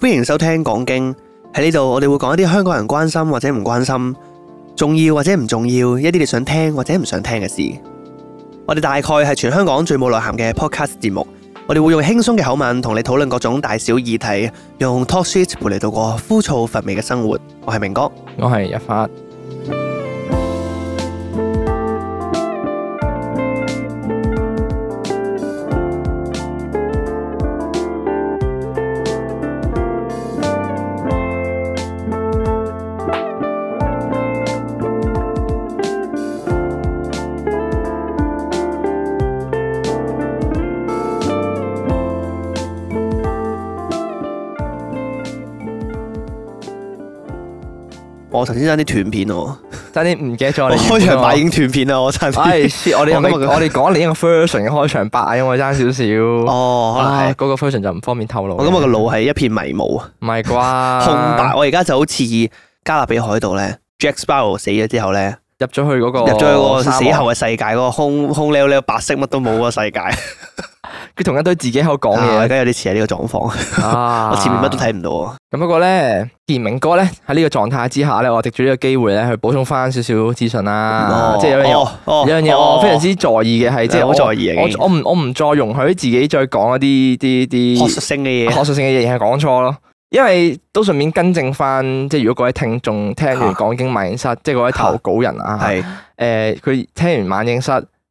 歡迎收聽講經，喺呢度，我哋會講一啲香港人關心或者唔關心重要或者唔重要一啲你想聽或者唔想聽嘅事。我哋大概係全香港最冇內涵嘅 podcast 節目，我哋會用輕鬆嘅口吻同你討論各種大小議題，用 Talk Shit 陪你度過枯燥乏味嘅生活。我係明哥，我係一發。爭啲斷片哦，爭啲唔記得咗。開場白已經斷片啦，我真係。我哋我哋我哋講另一個 version 嘅開場白啊，因為爭少少。哦，可能係嗰個 version 就唔方便透露。我今日個腦係一片迷霧啊，唔係啩？空白。我而家就好似加勒比海盜咧，Jack Sparrow 死咗之後咧，入咗去嗰個入咗去嗰個死後嘅世界，嗰個空空溜溜白色乜都冇嗰個世界。佢同一堆自己喺度講嘢，而家有啲似係呢個狀況。我前面乜都睇唔到。咁不過咧，既然明哥咧喺呢個狀態之下咧，我藉住呢個機會咧去補充翻少少資訊啦。即係有樣嘢，有樣嘢我非常之在意嘅，係即係好在意嘅。我唔我唔再容許自己再講一啲啲啲學術性嘅嘢。學術性嘅嘢而係講錯咯。因為都順便更正翻，即係如果各位聽眾聽完講經晚影室，即係嗰位投稿人啊，係誒佢聽完晚影室。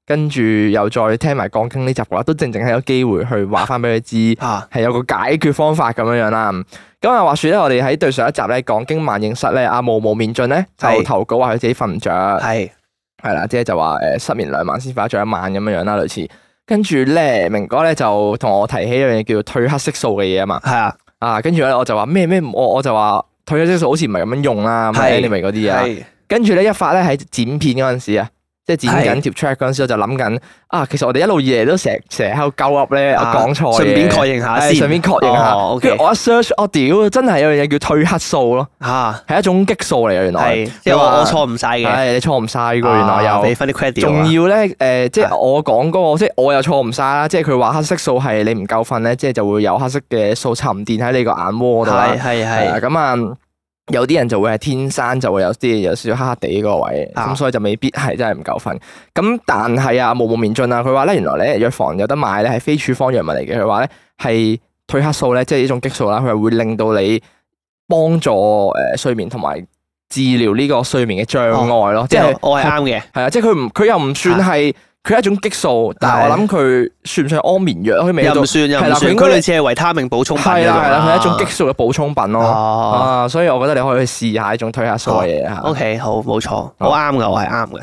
跟住又再聽埋《講經》呢集嘅話，都正正係有機會去話翻俾佢知，係、啊、有個解決方法咁樣樣啦。咁啊，話說咧，我哋喺對上一集咧，《講經萬應室》咧，阿毛毛面俊咧就投稿話佢自己瞓唔着，係係啦，即係就話誒失眠兩晚先瞓得着一晚咁樣樣啦，類似。跟住咧，明哥咧就同我提起一樣嘢，叫做褪黑色素嘅嘢啊嘛。係啊，啊跟住咧，我就話咩咩，我我就話褪黑色素好似唔係咁樣用啦，係咪嗰啲嘢。跟住咧，一發咧喺剪片嗰陣時啊。即係剪緊條 track 嗰陣時，我就諗緊啊，其實我哋一路以嚟都成日成日喺度鳩噏咧，講錯、啊，順便確認下先，順便確認下。跟住、哦 okay、我一 search，我屌，真係有樣嘢叫褪黑素咯，嚇、啊，係一種激素嚟嘅，是原來。你話我錯唔晒嘅？你錯唔晒嘅？原來有。俾翻啲 credit。仲要咧誒、呃，即係我講嗰個，即係我又錯唔晒啦。即係佢話黑色素係你唔夠瞓咧，即係就會有黑色嘅素沉澱喺你個眼窩度啦。係係係。咁啊！有啲人就會係天生就會有啲有少少黑黑地嗰個位，咁、啊、所以就未必係真係唔夠瞓。咁但係啊，毛毛面俊啊，佢話咧，原來咧藥房有得買咧係非處方藥物嚟嘅。佢話咧係褪黑素咧，即係呢種激素啦，佢係會令到你幫助誒睡眠同埋治療呢個睡眠嘅障礙咯、哦。即係、就是、我係啱嘅，係啊，即係佢唔佢又唔算係。佢係一種激素，但係我諗佢算唔算安眠藥？喺美國又唔算，又唔算。佢類似係維他命補充，係啦係啦，係一種激素嘅補充品咯。所以我覺得你可以去試下一種褪黑素嘅嘢啊。O K，好，冇錯，好啱噶，我係啱嘅。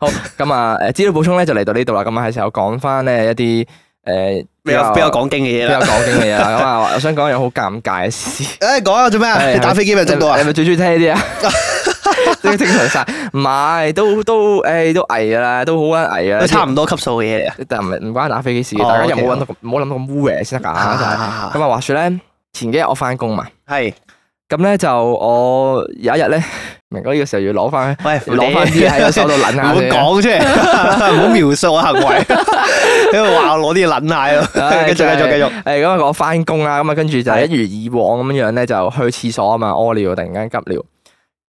好咁啊，誒，資料補充咧就嚟到呢度啦。今日係時候講翻呢一啲誒比較比較講經嘅嘢，比較講經嘅嘢。咁啊，我想講樣好尷尬嘅事。誒，講啊，做咩？你打飛機咪真多啊？咪最鍾意聽呢啲啊！都正常晒，唔係都都誒都危噶啦，都好危啊，都差唔多級數嘅嘢嚟啊。但唔關打飛機事嘅，大家又唔好諗到咁，唔好諗到咁污嘢先得噶。咁啊，話說咧，前幾日我翻工嘛，係咁咧就我有一日咧，明哥呢個時候要攞翻，攞翻啲喺手度捻下，唔好講出嚟，唔好描述我行為，因為話我攞啲捻下咯。繼續繼續繼續，誒咁啊，我翻工啦，咁啊，跟住就一如以往咁樣樣咧，就去廁所啊嘛，屙尿突然間急尿。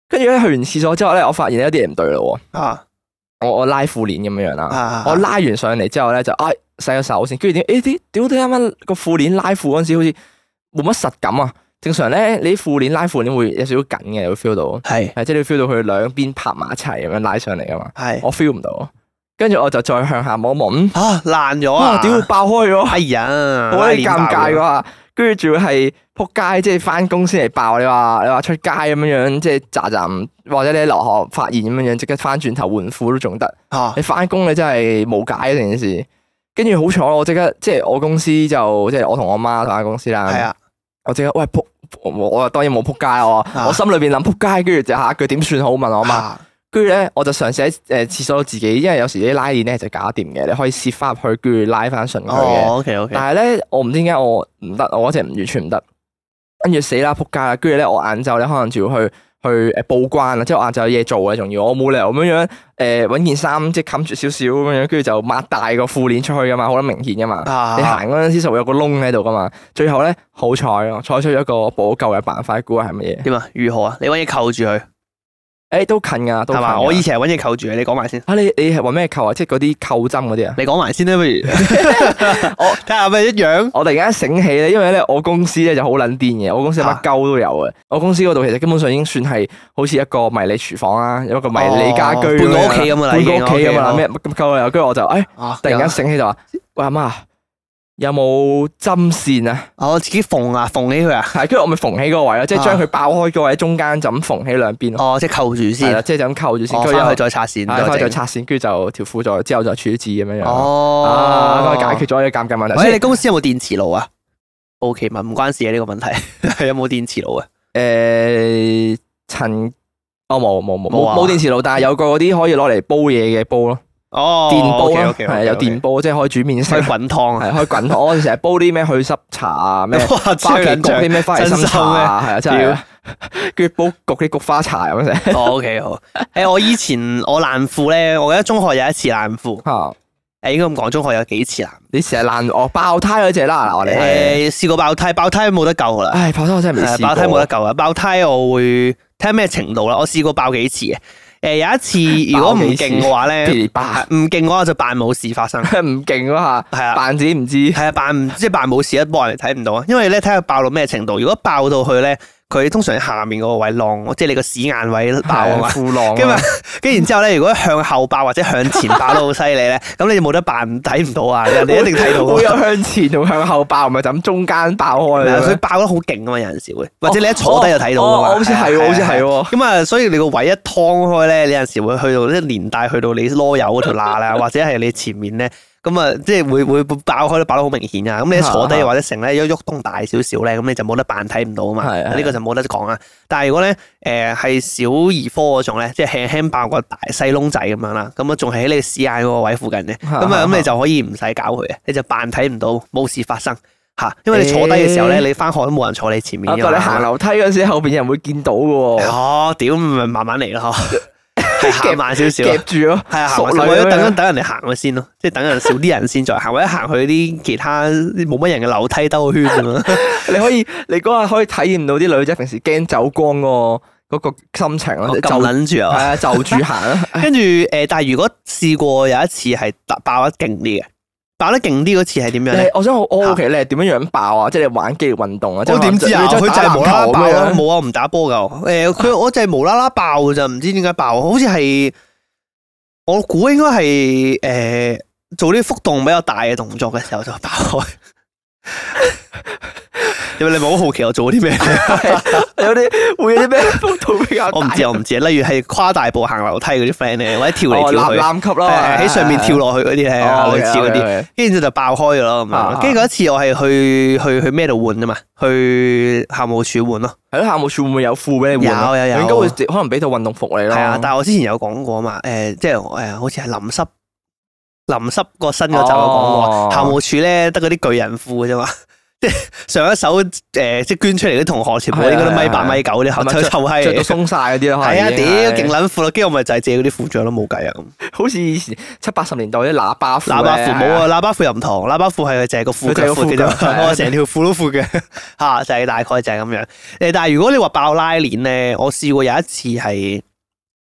跟住咧去完廁所之後咧，我發現有啲嘢唔對咯喎。啊！我我拉褲鏈咁樣樣啦。啊、我拉完上嚟之後咧就唉、啊、洗手、欸、剛才剛才個手先。跟住點誒啲屌都啱啱個褲鏈拉褲嗰陣時好似冇乜實感啊。正常咧你褲鏈拉褲點會有少少緊嘅，會 feel 到。係是。即係，就是，你 feel 到佢兩邊拍埋一齊咁樣拉上嚟噶嘛。係是。我 feel 唔到。跟住我就再向下望望。啊爛咗啊！屌會爆開咗。係啊，哎。好尷尬喎。 跟住仲要係撲街，即係翻工先嚟爆。你話你話出街咁樣樣，即係扎扎，或者你落學發現咁樣樣，即刻翻轉頭換褲都仲得。啊、你翻工你真係冇解成件事。跟住好彩，我刻即刻即係我公司就即係我同我媽同間公司啦是、啊。我即刻喂撲，我我當然冇撲街我，啊、我心裏邊諗撲街，跟住就下一句點算好？問我媽。跟住咧，我就嘗試喺誒廁所自己，因為有時啲拉鏈咧就搞掂嘅，你可以攝翻入去，跟住拉翻順佢嘅。o k、哦、OK, okay。但係咧，我唔知點解我唔得，我嗰隻完全唔得。跟住死啦，撲街啦！跟住咧，我晏晝咧可能就要去去誒報關啦，即係我晏晝有嘢做嘅，仲要我冇理由咁樣誒揾件衫即係冚住少少咁樣，跟住就擘大個褲鏈出去嘅嘛，好明顯嘅嘛。啊、你行嗰陣時就會有個窿喺度嘅嘛。最後咧，好彩我採取咗一個補救嘅辦法，估係乜嘢？點啊？如何啊？你可以扣住佢。誒，欸、都近噶吧，係嘛？我以前係揾嘢扣住嘅，你講埋先。啊，你你係話咩扣啊？即係嗰啲扣針嗰啲啊？你講埋先啦，不如。 我睇下係咪一樣。我突然間醒起咧，因為咧我公司咧就好捻癲嘅，我公司乜鳩都有嘅、啊。我公司嗰度其實基本上已經算係好似一個迷你廚房啦、啊，有一個迷你家居、哦，半個屋企咁啊，半個屋企咁啊，咩乜鳩都有。跟住我就誒、哎啊，突然間醒起就話，喂阿媽。有冇針線啊？我自己縫啊，縫起佢啊，係，跟住我咪縫起個位咯，即係將佢爆開個位中間就咁縫起兩邊。哦，即係扣住先啦，即係就咁扣住先，跟住再再拆線，再再拆線，跟住就條褲再之後再處置咁樣樣。哦，啊，都係解決咗呢個尷尬問題。喂，你公司有冇電磁爐啊？O K，問唔關事嘅呢個問題，係有冇電磁爐啊？誒，陳，哦，冇冇冇冇冇電磁爐，但係有個嗰啲可以攞嚟煲嘢嘅煲咯。哦，電煲係有電煲，即係可以煮麵食、滾湯，係可以滾湯。我哋成日煲啲咩祛濕茶啊，咩花旗菊啲咩花旗參啊，係啊，真係要，跟住煲焗啲菊花茶咁樣哦，OK 好。誒，我以前我爛褲咧，我記得中學有一次爛褲。吓，誒，應該咁講，中學有幾次爛？你成日爛我爆胎嗰隻啦嗱，我哋誒試過爆胎，爆胎冇得救噶啦。爆胎我真係未爆胎冇得救啊！爆胎我會睇下咩程度啦，我試過爆幾次嘅。誒、呃，有一次如果唔勁嘅話咧，唔勁嘅話就扮冇事發生。唔勁嘅話，係啊，扮自己唔知。係啊，扮即係扮冇事，一般人睇唔到啊。因為咧，睇下爆到咩程度。如果爆到去咧。佢通常喺下面嗰個位浪，即係你個屎眼位爆啊！褲浪，咁啊，跟然之後咧，如果向後爆或者向前爆都好犀利咧，咁你就冇得扮睇唔到啊！人哋一定睇到。會有向前同向後爆，唔係就咁中間爆開。所以爆得好勁啊！嘛，有陣時會，或者你一坐低就睇到啊！好似係，好似係。咁啊，所以你個位一劏開咧，你有陣時會去到即係連帶去到你囉柚嗰條罅啦，或者係你前面咧。咁啊，即係會會爆開都爆得好明顯啊！咁你一坐低或者成咧一喐動大少少咧，咁 你就冇得扮睇唔到啊嘛！呢 是個就冇得講啊。但係如果咧誒係小兒科嗰種咧，即係輕輕爆個大細窿仔咁樣啦，咁啊仲係喺你屎眼嗰個位附近嘅，咁啊咁你就可以唔使搞佢啊，你就扮睇唔到，冇事發生吓。因為你坐低嘅時候咧，欸、你翻學都冇人坐你前面。不過你行樓梯嗰時，後邊有人會見到嘅喎。哦、啊，屌，咪慢慢嚟啦， 係行慢少少，夾住咯，係啊，為咗等等人哋行咗先咯，即係 等人少啲人先再行，或者行去啲其他冇乜人嘅樓梯兜個圈咁樣。你可以，你嗰日可以體驗到啲女仔平時驚走光嗰個嗰個心情咯，就捻住啊，係啊， 就住行啦。跟住誒，但係如果試過有一次係爆得勁啲嘅。爆得勁啲嗰次係點樣咧？我想我好 k 你係點樣樣爆啊，即係玩肌肉運動啊。我點知、呃、啊？佢就係無啦啦爆冇啊，唔打波噶。誒，佢我就係無啦啦爆就唔知點解爆，好似係我估應該係誒做啲幅度比較大嘅動作嘅時候就爆，啊。 你咪好好奇我做啲咩？有啲會有啲咩幅度比較？我唔知，我唔知。例如係跨大步行樓梯嗰啲 friend 咧，或者跳嚟跳去，哦，冷喺上面跳落去嗰啲咧，類似嗰啲。跟住就爆開㗎咯，咁樣。跟住嗰一次我係去去去咩度換啫嘛？去校務處換咯。係咯，校務處會唔會有褲俾你換？有有有，應該會可能俾套運動服你啦。係啊，但係我之前有講過嘛，誒，即係誒，好似係淋濕淋濕個身嗰陣有講過，校務處咧得嗰啲巨人褲嘅啫嘛。即係上一首誒，即係捐出嚟啲同學，全部應該都米八米九啲，吓，就臭閪着到鬆晒嗰啲咯，係啊，屌勁捻褲咯，跟住我咪就係借嗰啲褲著都冇計啊，咁。好似以前七八十年代啲喇叭褲，喇叭褲冇啊，喇叭褲又唔同，喇叭褲係淨係個褲腳闊嘅，我成條褲都闊嘅，吓，就係大概就係咁樣。誒，但係如果你話爆拉鏈咧，我試過有一次係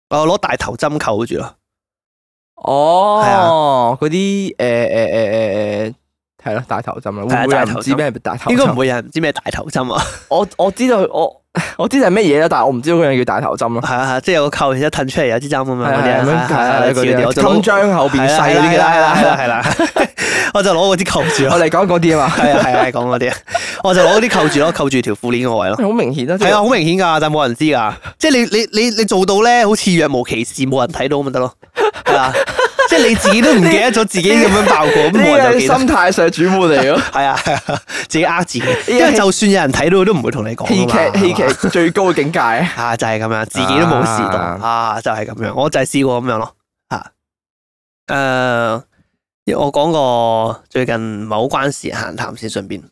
我攞大頭針扣住咯。哦，係啊，嗰啲誒誒誒誒誒。係咯，大頭針啦，會唔會唔知咩大頭？應該唔會有人唔知咩大頭針啊！我我知道我我知道係咩嘢啦，但係我唔知道嗰樣叫大頭針咯。係啊係，即係有個扣然之後褪出嚟有支針咁樣嗰啲啊，係啊嗰啲啊，襟章後邊細啲嘅啦，係啦係啦，我就攞嗰支扣住。我哋講嗰啲啊嘛，係啊係啊，講嗰啲啊，我就攞啲扣住咯，扣住條褲鏈個位咯，好明顯啊，係啊，好明顯噶，但係冇人知噶，即係你你你你做到咧，好似若無其事，冇人睇到咪得咯，係嘛？即係你自己都唔記得咗自己咁樣爆過，咁你的 我就記得心態上轉換嚟咯。係啊係啊，自己呃自己，因為就算有人睇到都唔會同你講。戲劇戲劇最高嘅境界 啊，就係、是、咁樣，自己都冇事。啊，就係、是、咁樣，我就係試過咁樣咯。吓，誒，我講個最近唔係好關事閒談先，順便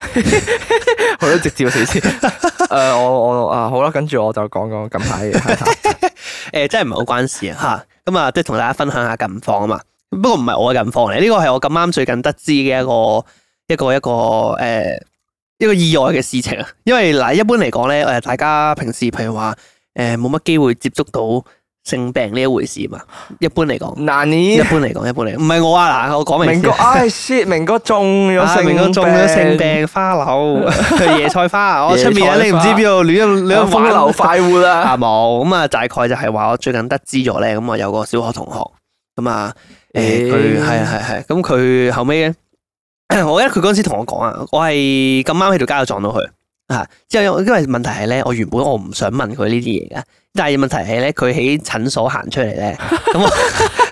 我都直接啊，誒，我我啊好啦，跟住我就講講近排嘢。誒、 欸，真係唔係好關事啊，吓。咁啊，即係同大家分享下近況啊嘛。不過唔係我嘅近況嚟，呢個係我咁啱最近得知嘅一,一個一個一個誒一個意外嘅事情啊。因為嗱，一般嚟講咧，誒、呃，大家平時譬如話誒，冇乜機會接觸到。性病呢一回事嘛？一般嚟講，嗱你一般嚟講，一般嚟，唔係我啊嗱，我講明明哥，唉，明哥中咗性明哥中咗性病，花柳、椰菜花，我出面啊，你唔知邊度亂咗，亂咗風流快活啦，係冇。咁啊，大概就係話我最近得知咗咧，咁我有個小學同學咁啊，誒，佢係係係，咁佢後尾咧，我記得佢嗰時同我講啊，我係咁啱喺條街度撞到佢。啊！之後因為問題係咧，我原本我唔想問佢呢啲嘢㗎，但係問題係咧，佢喺診所行出嚟咧，咁我。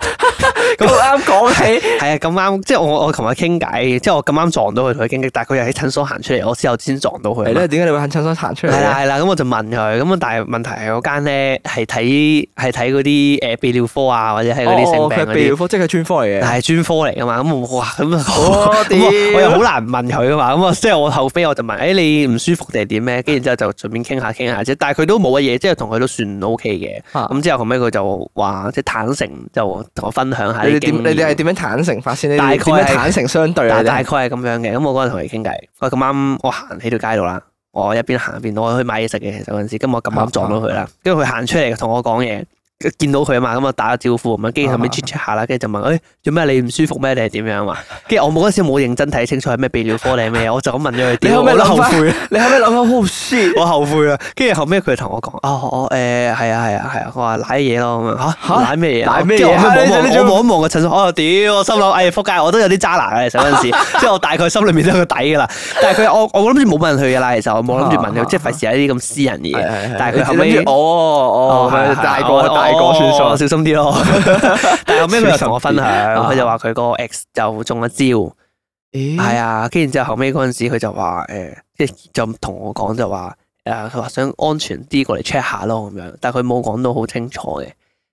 講起係 啊，咁啱即係我我琴日傾偈，即係我咁啱撞到佢同佢傾偈，但係佢又喺診所行出嚟，我之後先撞到佢。係咯，點解你會喺診所行出嚟？係啦係啦，咁我就問佢，咁但係問題係嗰間咧係睇係睇嗰啲誒泌尿科啊，或者係嗰啲性病泌、哦哦、尿科，即係佢專科嚟嘅。係專科嚟噶嘛咁哇咁我我又好難問佢啊嘛，咁啊即係我後尾，我就問誒、哎、你唔舒服定係點咩？跟住之後就順便傾下傾下啫，但係佢都冇乜嘢，即係同佢都算 OK 嘅。咁之、啊、後後尾，佢就話即係坦誠就同我分享下啲。你們 你哋係點樣坦誠發先？點樣坦誠相對？大概係咁樣嘅，咁我嗰日同佢傾偈，喂，咁啱我行喺條街度啦，我一邊行一邊我去買嘢食嘅，其實嗰陣時，咁、啊啊、我咁啱撞到佢啦，跟住佢行出嚟同我講嘢。見到佢啊嘛，咁啊打個招呼，咁啊跟住後尾 check check 下啦，跟住就問，誒、哎，做咩你唔舒服咩定係點樣啊？跟住我冇嗰時冇認真睇清楚係咩泌尿科定係咩，我就咁問咗佢。你後尾諗翻，你後尾諗下，好舒，我後悔啊。跟住後尾，佢同我講，哦，我誒係啊係啊係啊，我話瀨嘢咯咁啊吓，瀨咩嘢？瀨咩？我望一望個診所，我話屌，我心諗，哎呀，仆街，我都有啲渣男啊！上陣時，即係我大概心裏面都有個底噶啦。 但係佢，我我諗住冇問佢噶啦，其實我冇諗住問佢，即係費事係啲咁私人嘢。但係佢後尾，哦大個算哦，小心啲咯！但係後尾佢又同我分享，佢就話佢個 ex 就中咗招，係啊。跟住之後後尾嗰陣時，佢就話誒，即係就同我講就話誒，佢話想安全啲過嚟 check 下咯咁樣。但係佢冇講到好清楚嘅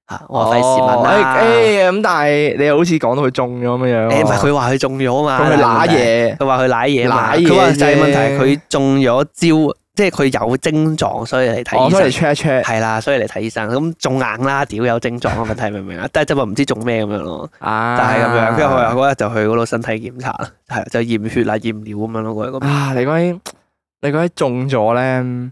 嚇，我費事問啦。誒咁，但係你又好似講到佢中咗咁樣。誒唔係，佢話佢中咗嘛？佢揦嘢，佢話佢揦嘢嘛。揦嘢就係問題，佢中咗招。即係佢有症狀，所以嚟睇醫生，check 一 check 係啦，所以嚟睇醫生咁仲硬啦，屌有症狀嘅問題明唔明啊？就是， 但係就話唔知中咩咁樣咯，但係咁樣。跟住我嗰日就去嗰度身體檢查啦，係就驗血啦、驗尿咁樣咯。咁啊，你覺得，你覺得中咗咧呢、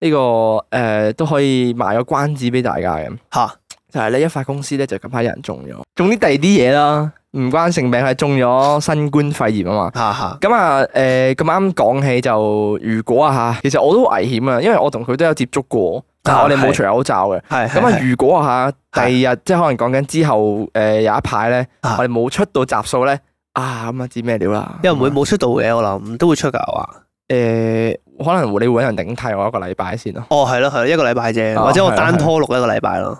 這個誒都、呃、可以賣個關子俾大家嘅吓，哈就係你一發公司咧就近排有人中咗，中啲第二啲嘢啦。唔關性病，係中咗新冠肺炎啊嘛。咁啊，誒咁啱講起，就如果啊吓，其實我都危險啊，因為我同佢都有接觸過，但係我哋冇除口罩嘅。係咁啊，如果啊吓，第二日即係可能講緊之後誒有一排咧，我哋冇出到集數咧，啊咁啊知咩料啦？又唔會冇出到嘅，我諗都會出噶。話誒，可能你會搵人頂替我一個禮拜先咯。哦，係咯係咯，一個禮拜啫，或者我單拖錄一個禮拜咯。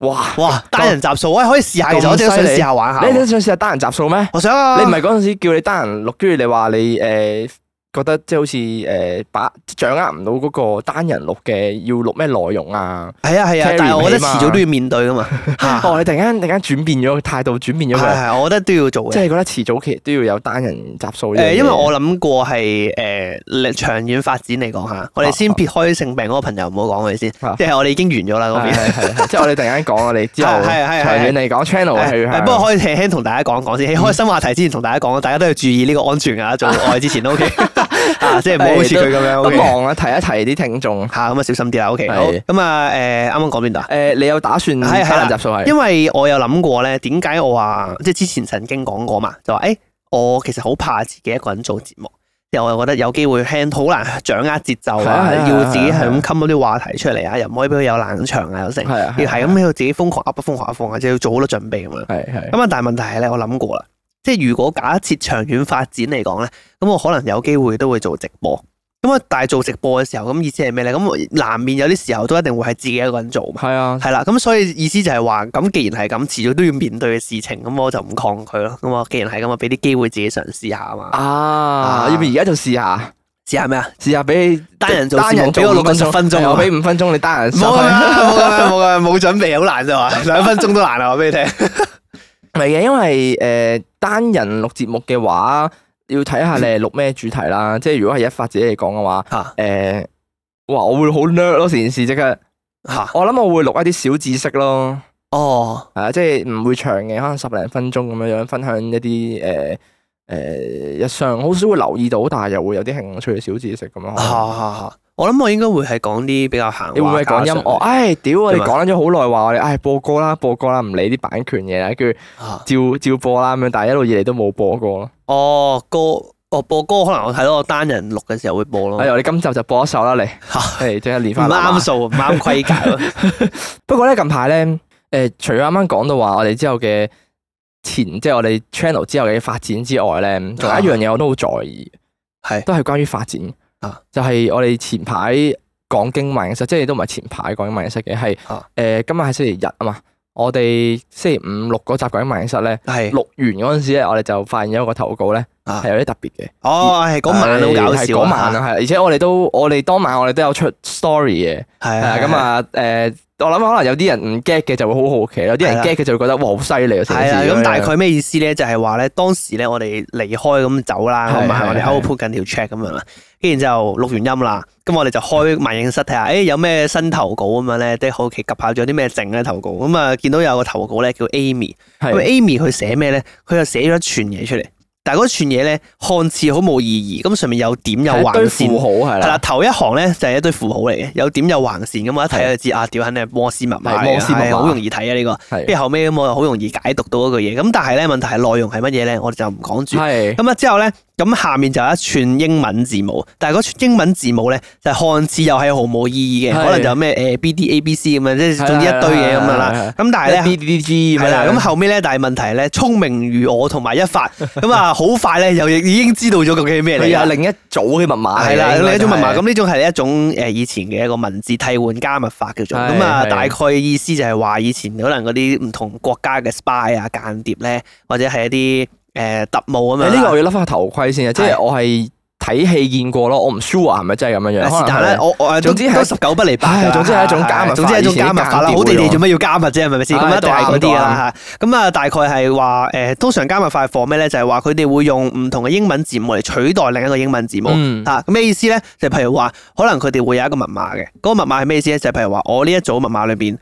哇哇單人集數啊，可以試下嘅，我想試下玩下。你都想試下單人集數咩？我想啊。你唔係嗰陣時叫你單人錄，跟住你話你誒。呃覺得即係好似誒把掌握唔到嗰個單人錄嘅，要錄咩內容啊？係啊係啊，但係我覺得遲早都要面對噶嘛。嚇！我哋突然間突然間轉變咗個態度，轉變咗係係，我覺得都要做。即係覺得遲早其實都要有單人集數。因為我諗過係誒長遠發展嚟講嚇，我哋先撇開性病嗰個朋友唔好講佢先，即係我哋已經完咗啦嗰邊。即係我哋突然間講我哋之後長遠嚟講 channel。不過可以輕輕同大家講講先，喺開新話題之前同大家講，大家都要注意呢個安全啊！做愛之前都 OK。啊，即係唔好好似佢咁樣。好忙啊，提一提啲聽眾吓，咁啊小心啲啦。O K，咁啊，誒，啱啱講邊度？誒，你有打算能集數係？因為我有諗過咧，點解我話即係之前曾經講過嘛，就話誒，我其實好怕自己一個人做節目，又我又覺得有機會 handle 好難掌握節奏啊，要自己係咁 cut 嗰啲話題出嚟啊，又唔可以俾佢有冷場啊，有成，要係咁要自己瘋狂噏不瘋狂啊，即係要做好多準備啊。係係。咁啊，但係問題係咧，我諗過啦。即係如果假設長遠發展嚟講咧，咁我可能有機會都會做直播。咁啊，但係做直播嘅時候，咁意思係咩咧？咁難免有啲時候都一定會係自己一個人做嘛。係是啊。係啦，咁所以意思就係話，咁既然係咁，遲早都要面對嘅事情，咁我就唔抗拒咯。咁我既然係咁啊，俾啲機會自己嘗試下啊嘛。啊，要唔要而家就試下？試下咩啊？試下俾單人做，單人做六分鐘，我俾五分鐘你單人。冇冇啊冇準備好難啫嘛，兩 分鐘都難啊！我俾你聽。唔係嘅，因為誒單人錄節目嘅話，要睇下你係錄咩主題啦。嗯、即係如果係一發自己嚟講嘅話，誒、啊，哇、欸，我會好叻咯！成件事即刻吓，啊、我諗我會錄一啲小知識咯。哦，係啊，即係唔會長嘅，可能十零分鐘咁樣樣，分享一啲誒誒，日常好少會留意到，但係又會有啲興趣嘅小知識咁樣。我諗我應該會係講啲比較行，你會唔會講音樂？唉、哦哎，屌，我哋講咗好耐話我哋，唉、哎，播歌啦，播歌啦，唔理啲版權嘢啦，跟住照照播啦咁樣。但係一路以嚟都冇播過咯。哦，歌，哦，播歌可能我睇到我單人錄嘅時候會播咯。哎呀，你今集就播一首啦，你。係、啊，即係連翻。唔啱數，唔啱規格。 不過咧，近排咧，誒，除咗啱啱講到話我哋之後嘅前，即係我哋 channel 之後嘅發展之外咧，仲有一樣嘢我都好在意，係是都係關於發展。啊！就係我哋前排講經漫嘅時候，即係都唔係前排講經漫嘅室嘅，係誒，今日係星期日啊嘛，我哋星期五六嗰集講經漫室咧，係錄完嗰陣時咧，我哋就發現一個投稿咧，係、啊、有啲特別嘅。哦，係嗰晚好搞笑，晚，係嗰晚啊，係，而且我哋都，我哋當晚我哋都有出 story 嘅，係的啊，咁啊，誒、呃。的我諗可能有啲人唔 get 嘅就會好好奇，有啲人 get 嘅就會覺得的哇好犀利啊！係啊，咁大概咩意思咧？就係話咧，當時咧我哋離開咁走啦，咁我哋喺度鋪緊條 check 咁樣啦，跟住然之後錄完音啦，咁我哋就開埋影室睇下，誒、 哎、有咩新投稿咁樣咧，即係好奇及下仲有啲咩剩咧投稿，咁啊見到有個投稿咧叫 Amy，Amy 佢寫咩咧？佢就寫咗一串嘢出嚟。但係嗰串嘢咧，看似好冇意義，咁上面有點有橫線，係啦，係啦，頭一行咧就係一堆符號嚟嘅，有點有橫線咁，我一睇就知啊，屌肯定係摩斯密碼，摩斯密碼好容易睇啊呢個，跟住的後尾，咁我又好容易解讀到嗰句嘢，咁但係咧問題係內容係乜嘢咧，我哋就唔講住，咁啊之後咧。咁下面就有一串英文字母，但係嗰串英文字母咧，就看似又係毫無意義嘅，可能就咩誒 B D A B C 咁樣，即係總之一堆嘢咁樣啦。咁但係咧 B D D G 咁啦。咁後尾咧，但係問題咧，聰明如我同埋一發咁啊，好快咧又已經知道咗究竟係咩嚟，又有另一組嘅密碼。係啦，咁另一組密碼，咁呢種係一種誒以前嘅一個文字替換加密法嘅種。咁啊，大概意思就係話以前可能嗰啲唔同國家嘅 spy 啊間諜咧，或者係一啲。誒，特務啊嘛！呢個我要笠翻頭盔先啊，即係我係睇戲見過咯，我唔 sure 啊，係咪真係咁樣樣？ 是但咧，我我誒，總之係十九不離八。係， 總之係一種加密，總之係一種加密法啦。好地哋做咩要加密啫？係咪先？咁啊、哎，嗯、大概嗰啲啦吓。咁啊，大概係話誒，通常加密塊貨咩咧？就係話佢哋會用唔同嘅英文字母嚟取代另一個英文字母。吓，咩意思咧，就係譬如話，可能佢哋會有一個密碼嘅，嗰、嗰個密碼係咩意思咧？就係、係、譬如話，我呢一組密碼裏邊，誒、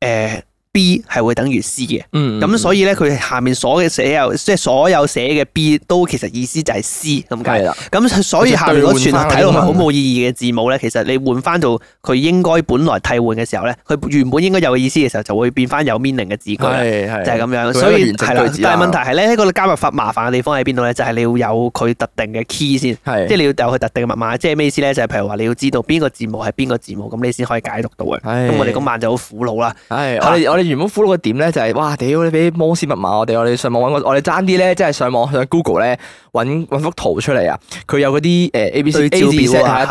呃。B 係會等於 C 嘅，咁所以咧，佢下面所有即係所有寫嘅 B 都其實意思就係 C 咁解啦。咁所以下面嗰串啊，睇落係好冇意義嘅字母咧，其實你換翻到佢應該本來替換嘅時候咧，佢原本應該有嘅意思嘅時候就會變翻有 meaning 嘅字句就係咁樣。所以但係問題係咧，喺嗰加密法麻煩嘅地方喺邊度咧？就係你要有佢特定嘅 key 先，即係你要有佢特定嘅密碼。即係咩意思咧？就係譬如話你要知道邊個字母係邊個字母，咁你先可以解讀到嘅。咁我哋今晚就好苦惱啦。我哋我哋。原本苦碌嘅點咧，就係哇屌！你俾摩斯密碼我哋，我哋上網揾個，我哋爭啲咧，即係上網上 Google 咧，揾幅圖出嚟啊！佢有嗰啲誒 A B C 對照表啊，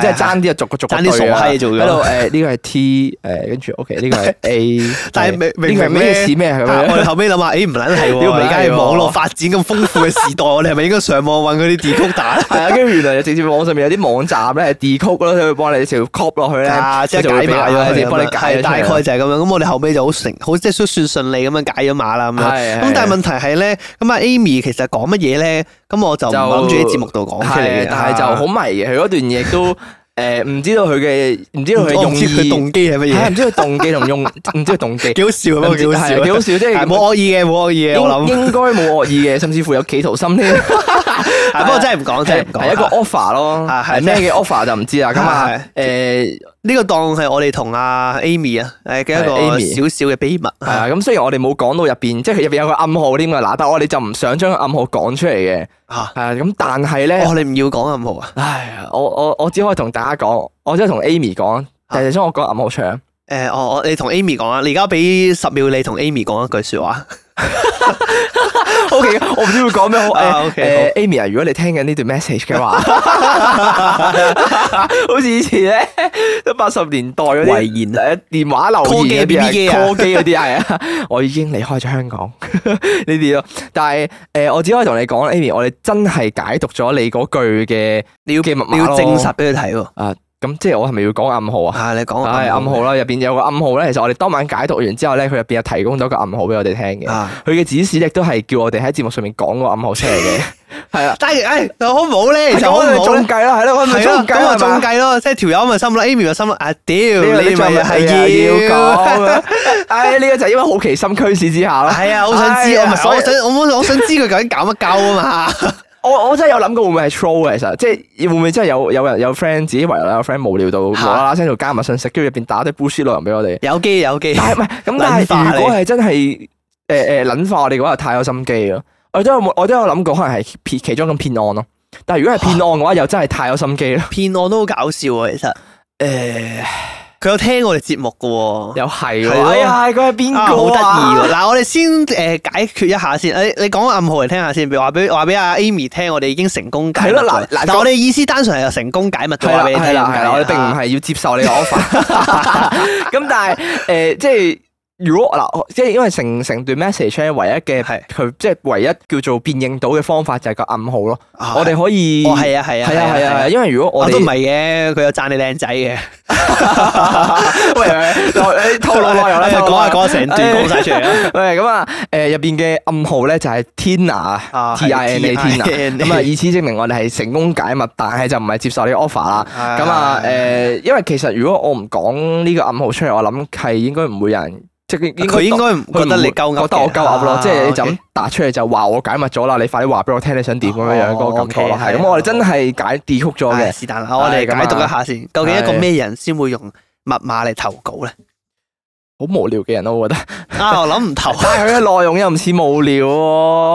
即係爭啲啊，逐個逐個對啊，喺度誒呢個係 T 誒，跟住 OK 呢個係 A，但係明明咩？咩？我哋後尾諗下，誒唔撚係喎！而家係網絡發展咁豐富嘅時代，我哋係咪應該上網揾嗰啲 decode？係啊，跟住原來直接網上面有啲網站咧 decode 咯，佢幫你條 copy 落去咧，即係解碼咗，幫你解。大概就係咁樣。咁我哋後尾就。好成好即係算算順利咁樣解咗碼啦咁樣，咁是的 但係問題係咧，咁阿、嗯、Amy 其實講乜嘢咧，咁就我就唔諗住喺節目度講出嚟嘅的，的但係就好迷嘅，佢嗰、啊、段嘢都。誒，唔知道佢嘅，唔知道佢用意，佢動機係乜嘢？唔知佢動機同用，唔知佢動機。幾好笑啊！幾好笑，幾好笑。即係冇惡意嘅，冇惡意嘅。我諗應該冇惡意嘅，甚至乎有企圖心添。不過真係唔講，真係唔講。係一個 offer 咯，係咩嘅 offer 就唔知啦。咁啊，誒，呢個當係我哋同阿 Amy 啊，誒嘅一個少少嘅秘密。係啊，咁雖然我哋冇講到入邊，即係入邊有個暗號添㗎。嗱，但係我哋就唔想將個暗號講出嚟嘅。吓，係啊，咁但係咧，哦，你唔要講暗號啊！唉，我我我只可以同大家講，我只可以同 Amy 講，係其實我講、啊、暗號搶。誒，我我你同 Amy 講啊，你而家俾十秒你同 Amy 講一句說話。O K，我唔知會講咩好。誒，Amy 啊，如果你聽緊呢段 message 嘅話，好似以前咧，八十年代嗰啲遺言誒，電話留言嘅 BB 機嗰啲係啊，我已經離開咗香港呢啲咯。但係誒，我只可以同你講，Amy，我哋真係解讀咗你嗰句嘅，你要你要證實俾佢睇喎。啊！咁即係我係咪要講暗號啊？係你講，暗號啦。入邊有個暗號咧，其實我哋當晚解讀完之後咧，佢入邊又提供咗個暗號俾我哋聽嘅。佢嘅指示亦都係叫我哋喺節目上面講個暗號出嚟嘅。係啦，但係誒，好唔好咧？就好唔好咧？中計咯，係咯，係咯，咁啊，中計咯，即係條友咪心啦，Amy 咪心啦，啊屌，你咪係要講。呢個就係因為好奇心驅使之下咯。係啊，好想知我咪，我想我想知佢究竟搞乜鳩啊嘛。我我真係有諗過會唔會係 troll 嘅，其實即係會唔會真係有有人有 friend 自己圍有 friend 無聊到無啦啦聲就加密信息，跟住入邊打啲 boost 內容俾我哋。有機有機，但係唔係咁。 但係如果係真係誒誒，諗、呃呃、化我哋嘅話，太有心機咯。我都有我都有諗過，可能係其中咁騙案咯但係如果係騙案嘅話，又真係太有心機啦。騙案都好搞笑啊，其實誒。 佢有聽我哋節目嘅喎、哦是哦，又係喎，係佢係邊個？好得意喎！嗱， 我哋先誒、呃、解決一下先，你你講暗號嚟聽下先，俾話俾話俾阿 Amy 聽，我哋已經成功解密。係了但我哋意思單純係成功解密咗啦。係啦係啦，我哋並唔係要接受你嘅 offer 咁但係誒，即係。如果嗱，即係因為成成段 message 唯一嘅佢即係唯一叫做辨認到嘅方法就係個暗號咯。我哋可以，係啊係啊係啊，啊，啊！因為如果我都唔係嘅，佢又讚你靚仔嘅。喂，你透露下又啦，講下講成段講晒出嚟！喂，咁啊，誒入邊嘅暗號咧就係 Tina 啊，Tina Tina。咁啊，以此證明我哋係成功解密，但係就唔係接受呢 offer 啦。咁啊，誒，因為其實如果我唔講呢個暗號出嚟，我諗係應該唔會有人。即佢應該唔覺得你鳩噏，覺得我鳩噏咯。啊、即係你就咁打出嚟就話我解密咗啦。啊 okay. 你快啲話俾我聽你想點咁樣樣嗰個感覺咯。係咁，我哋真係解 decode 咗嘅。哎、是但的啦，我哋解讀一下先。啊、究竟一個咩人先會用密碼嚟投稿咧？好無聊嘅人咯，我覺得啊，我諗唔頭，但係佢嘅內容又唔似無聊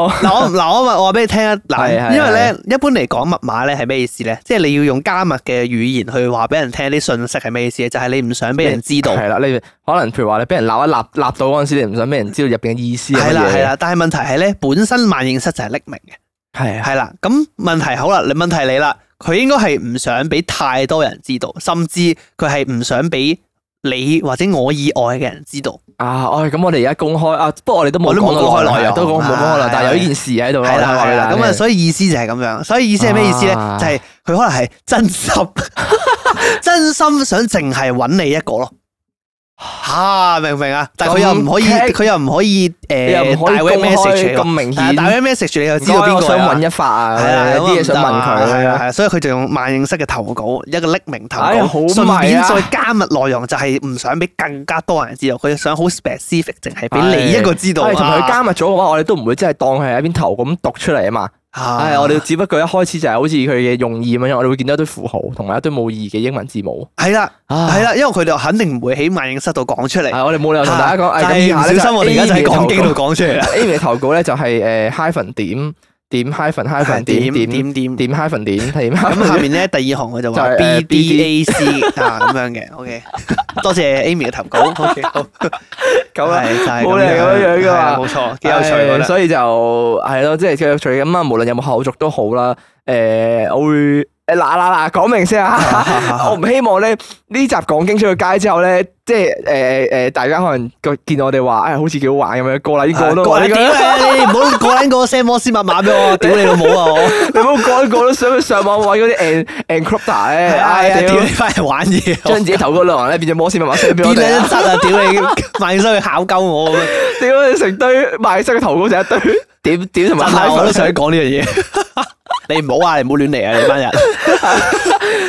嗱、啊、 我嗱，我話我話俾你聽嗱，因為咧，一般嚟講密碼咧係咩意思咧？即、就、係、是、你要用加密嘅語言去話俾人聽啲信息係咩意思？就係、是、你唔想俾人知道係啦。你可能譬如話你俾人鬧一罵立立到嗰陣時，你唔想俾人知道入邊嘅意思係啦係啦。但係問題係咧，本身萬應室就係匿名嘅，係係啦。咁了問題好啦，你問題嚟啦，佢應該係唔想俾太多人知道，甚至佢係唔想俾。你或者我以外嘅人知道啊？哦、哎，咁我哋而家公開啊，不過我哋都冇都冇公開內容，都冇公開內容，但係有呢件事喺度啦。係啦，咁啊，啊啊啊啊啊啊所以意思就係咁樣，所以意思係咩意思咧？啊、就係佢可能係真心， 真心想淨係揾你一個咯。哈，明唔明啊？但係佢又唔可以，佢又唔可以誒，又唔可以 s s 咁明顯，大 V message 你又知邊個啊？想搵一發啊？係啊，有啲嘢想問佢，係啊，係啊。所以佢就用萬應式嘅投稿，一個匿名投稿，順便再加密內容，就係唔想俾更加多人知道，佢想好 specific，淨係俾你一個知道。同埋佢加密咗嘅話，我哋都唔會真係當佢係一邊投咁讀出嚟啊嘛。係，我哋只不過一開始就係好似佢嘅用意咁樣，我哋會見到一堆符號同埋一堆冇意義嘅英文字母。係啦的，係啦唉，因為佢哋肯定唔會喺萬應室度講出嚟。我哋冇理由同大家講，的唉小心我哋而家就喺講機度講出嚟。Amy 嘅投稿咧就係誒，hyphen 點。點 hyphen hyphen 點點點點 hyphen 點係咁，下面咧第二行佢就話，就是，B D A C 啊咁樣嘅，OK，多謝 Amy 嘅投稿，OK，好就是，啊，好靚咁樣嘅嘛，冇錯，嗯，幾有趣，所以就係咯，嗯、即係幾有趣咁啊，無論有冇後續都好啦，誒、呃，我會。嗱嗱嗱，講明先啊！我唔希望咧呢集講驚出個街之後咧，即係誒誒，大家可能個見到我哋話，誒好似幾好玩咁樣過嚟過都過嚟，你唔好講緊嗰個聲摩斯密碼俾我，屌你老母啊！你唔好講緊我都想去上網搵嗰啲 e n 你翻嚟玩嘢，將自己頭變咗魔仙密碼俾我哋，得啦！屌你賣身去考鳩我咁樣，屌你成堆賣身嘅頭骨就一堆，點點同埋我都想講呢樣嘢。你唔好話，你唔好亂嚟啊！你班人，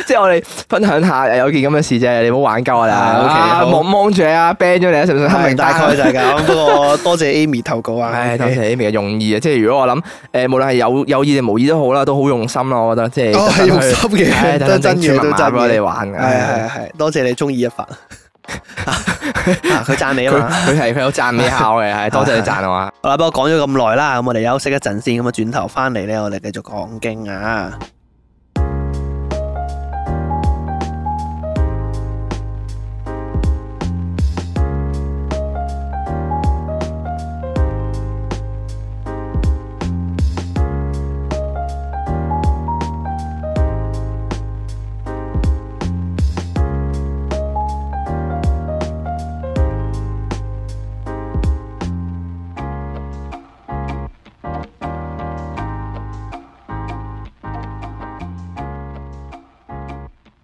即係我哋分享下有件咁嘅事啫，你唔好玩鳩我啦。OK，望望住啊，ban 咗你，黑名。大概就係咁。不過多謝 Amy 投稿啊，係多謝 Amy 嘅用意啊。即係如果我諗，誒，無論係有有意定無意都好啦，都好用心啦。我覺得即係，哦係用心嘅，都真嘅，都真嘅。我哋玩嘅係係係，多謝你中意一發。佢讚 讚你啊嘛！ 佢係佢有讚你下嘅，係 多謝你讚我啊！ 好啦，不過講咗咁耐啦，咁我哋休息一陣先，咁啊轉頭翻嚟咧，我哋繼續講經啊！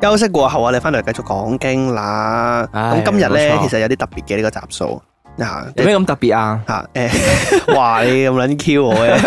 休息過後啊，你翻嚟繼續講經啦。咁、哎、今日咧，錯其實有啲特別嘅呢個集數啊。點解咁特別啊？吓、哎，誒，話你咁撚 Q 我嘅。誒、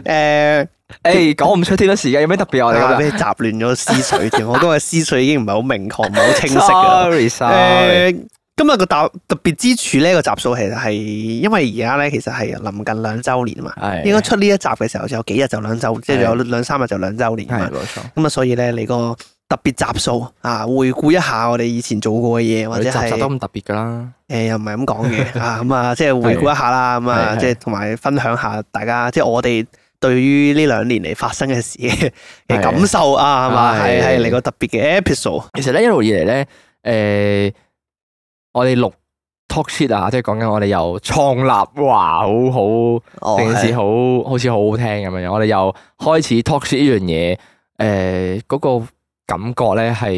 哎，誒，講唔出，太多時間，有咩特別啊？ 我哋俾你雜亂咗思緒添，我今日思緒已經唔係好明確，唔係好清晰。s, sorry, sorry. S、啊今日個特特別之處，呢個集數其實係因為而家呢，其實係臨近兩週年嘛，應該出呢一集嘅時候就幾日就兩週，即係有兩三日就兩週年。咁啊，所以呢，你個特別集數啊，回顧一下我哋以前做過嘅嘢，或者係都咁特別噶啦。誒，又唔係咁講嘅啊，咁啊，即係回顧一下啦，咁啊，即係同埋分享下大家，即係我哋對於呢兩年嚟發生嘅事嘅感受啊，係嘛？係係嚟個特別嘅 episode。其實呢，一路以嚟呢。誒。我哋錄 talk shit 啊，即係講緊我哋又創立，哇，好好，好 oh, 平時好好似好好聽咁樣樣。yeah. 我哋又開始 talk shit 呢樣嘢，誒、呃，嗰、那個感覺咧係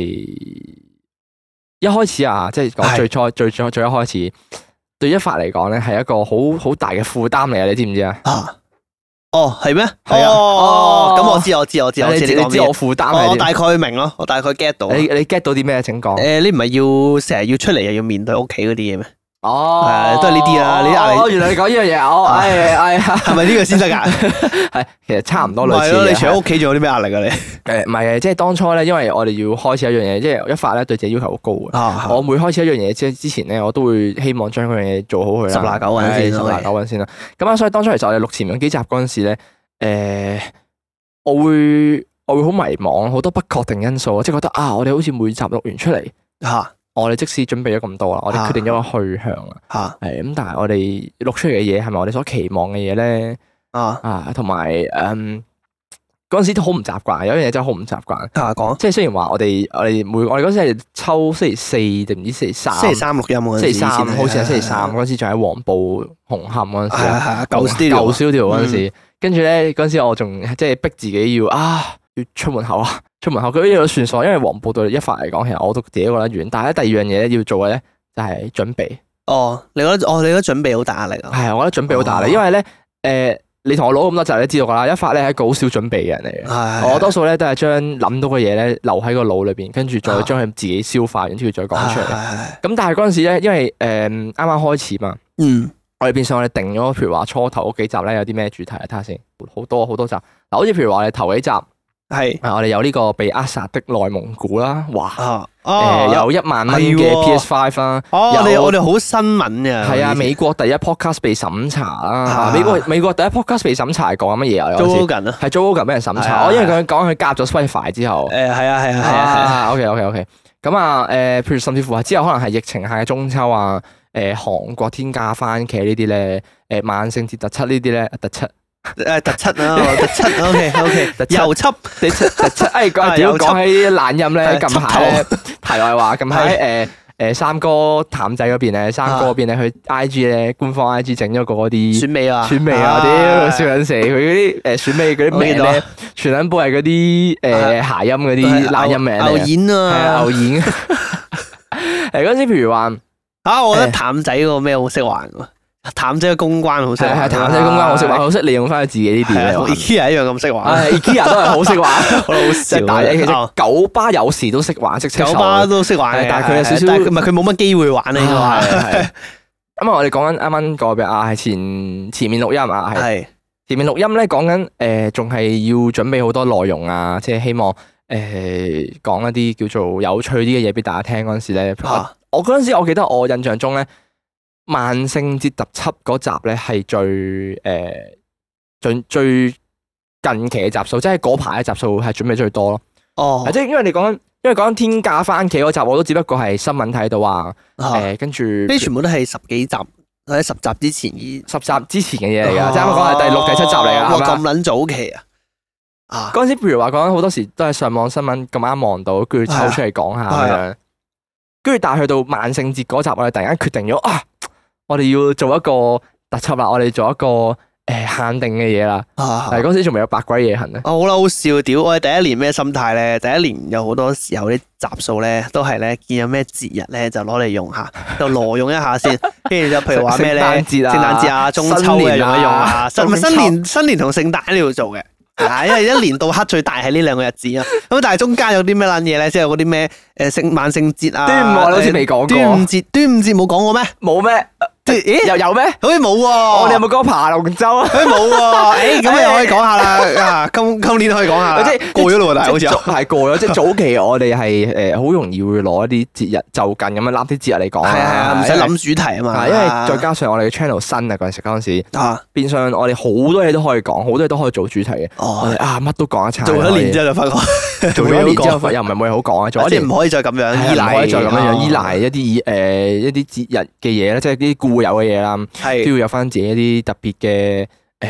一開始啊，即係講最初、是最初、最一開始，對一發嚟講咧係一個好好大嘅負擔嚟啊，你知唔知啊？哦，係咩？哦，咁我知，我知，知我知，我知。你知我負擔，我、哦、大概明咯，我大概 get 到。你，你 get 到啲咩？請講、嗯。你唔係要成日要出嚟，又要面對屋企嗰啲嘢咩？哦，都係呢啲啊。你啲壓力。原來你講呢樣嘢，我，係係，係咪呢個先得噶？係，其實差唔多類似。唔係你除屋企仲有啲咩壓力啊？你？誒，唔係誒，即係當初咧，因為我哋要開始一樣嘢，即係一發咧，對自己要求好高啊，我每開始一樣嘢即之前咧，我都會希望將嗰樣嘢做好去，十拿九穩先，十拿九穩先啦。咁啊，所以當初嚟就我哋錄前兩幾集嗰陣時咧，誒，我會我會好迷茫，好多不確定因素，即係覺得啊，我哋好似每集錄完出嚟吓。我哋即使準備咗咁多啦，我哋決定咗個去向啦，係咁、啊，但係我哋錄出嚟嘅嘢係咪我哋所期望嘅嘢咧？啊啊，同埋嗯嗰陣時都好唔習慣，有樣嘢真係好唔習慣。講、啊、即係雖然話我哋我哋每我哋嗰陣時抽星期四定唔知星期三，星期三錄音，星期三，好似係星期三嗰陣時，仲喺黃埔紅磡嗰陣時、啊啊、時，舊 studio 嗰陣時，跟住咧嗰陣時我仲即係逼自己要啊要出門口啊。出門口，佢都要算數，因為黃埔對一發嚟講，其實我都自己覺得，遠。但係咧，第二樣嘢要做嘅咧，就係準備。哦，你覺得哦，你覺得準備好大壓力、啊？係，我覺得準備好大壓力，哦、因為咧，誒、呃，你同我攞咁多集，你知道噶啦。一發咧係一個好少準備嘅人嚟嘅，的我多數咧都係將諗到嘅嘢咧留喺個腦裏邊，跟住再將佢自己消化，啊、然之後再講出嚟。咁的但係嗰陣時咧，因為誒啱啱開始嘛，嗯，我哋變相我哋定咗譬如話初頭嗰幾集咧有啲咩主題啊？睇下先，好多好多,多集，嗱，好似譬如話你頭幾集。係啊！是 uh, 我哋有呢個被扼殺的內蒙古啦，哇！哦、啊呃，有一萬蚊嘅 PS Five 啦，有啊、有我哋我哋好新聞嘅係啊,啊美！美國第一 Podcast 被審查啦，美國美國第一 Podcast 被審查講緊乜嘢啊？Joe Rogan 啊，係 Joe Rogan 俾人審查的、啊，因為佢講佢夾咗 Spotify 之後，誒係啊係啊係啊！OK OK OK，咁啊誒，譬、呃、如甚至乎啊，之後可能係疫情下嘅中秋啊，誒韓國天價番茄呢啲咧，誒萬聖節特輯呢啲咧特輯。誒，突七啊，突七，OK OK，又插，你突七，誒，講點講起懶音咧，近排題外話，咁喺誒誒，三哥譚仔嗰邊咧，三哥邊咧，去 I G 咧，官方 I G 整咗個啲選美啊，選美啊，屌笑緊死，佢嗰啲誒選美嗰啲咩咧，全品部係嗰啲誒諧音嗰啲懶音名嚟啊，牛演啊，牛演，誒嗰時譬如話，啊，我覺得譚仔個咩好識玩譚姐嘅公關好識啊，係譚姐公關好識玩，好識利用翻佢自己啲點啊。IKEA 一樣咁識玩，IKEA 都係好識玩，即係大其只九巴有時都識玩，識七手。九巴都識玩但係佢有少少，但係佢冇乜機會玩呢應該係。咁啊，我哋講緊啱啱過嘅啊，係前前面錄音啊，係前面錄音咧，講緊誒，仲係要準備好多內容啊，即係希望誒講一啲叫做有趣啲嘅嘢俾大家聽嗰陣時咧。我嗰陣時，我記得我印象中咧。萬聖節特輯嗰集咧係最誒、呃、最最近期嘅集數，即係嗰排嘅集數係準備最多咯。哦、oh，即係因為你講，因為講天價番茄嗰集，我都只不過係新聞睇到啊。誒、oh 欸，跟住即係全部都係十幾集或者十集之前，十集之前嘅嘢嚟噶。即係我講係第六、第七集嚟噶。哇、oh，咁撚早期啊！啊，嗰陣時譬如話講，好多時都係上網新聞咁啱望到，跟住抽出嚟講下咁樣的。跟住，但係去到萬聖節嗰集，我哋突然間決定咗啊！我哋要做一個特輯啦，我哋做一個誒、欸、限定嘅嘢啦。啊、但係嗰時仲未有百鬼夜行咧。我好嬲，好笑屌！我哋第一年咩心態咧？第一年有好多時候啲集數咧，都係咧見有咩節日咧，就攞嚟用下，就挪用一下先。跟住 就，就譬如話咩咧？聖誕，節啊、聖誕節啊，中秋啊，用一用啊。唔新、啊、新年，年新年同聖誕都要做嘅。因為一年到黑最大係呢兩個日子啊。咁 但係中間有啲咩冷嘢咧？即係嗰啲咩誒聖萬聖節啊，端午、嗯、好似未講端午節，端午節冇講過咩？冇咩？咦又有咩？好似冇喎。我哋有冇講爬龍舟啊？冇喎。咁又可以講下啦。今今年可以講下啦。即係過咗咯，但係好似係過咗。即係早期我哋係誒好容易會攞一啲節日就近咁樣揦啲節日嚟講。係係啊，唔使諗主題啊嘛。因為再加上我哋嘅 channel 新啊嗰陣時嗰陣時，啊變相我哋好多嘢都可以講，好多嘢都可以做主題嘅。哦啊乜都講一餐。做咗一年之後就發覺，做咗一年之後又唔係冇嘢好講啊。我哋唔可以再咁樣，唔可以再咁樣依賴一啲以誒一啲節日嘅嘢咧，即係啲固。有嘅嘢啦，都要有翻自己一啲特別嘅誒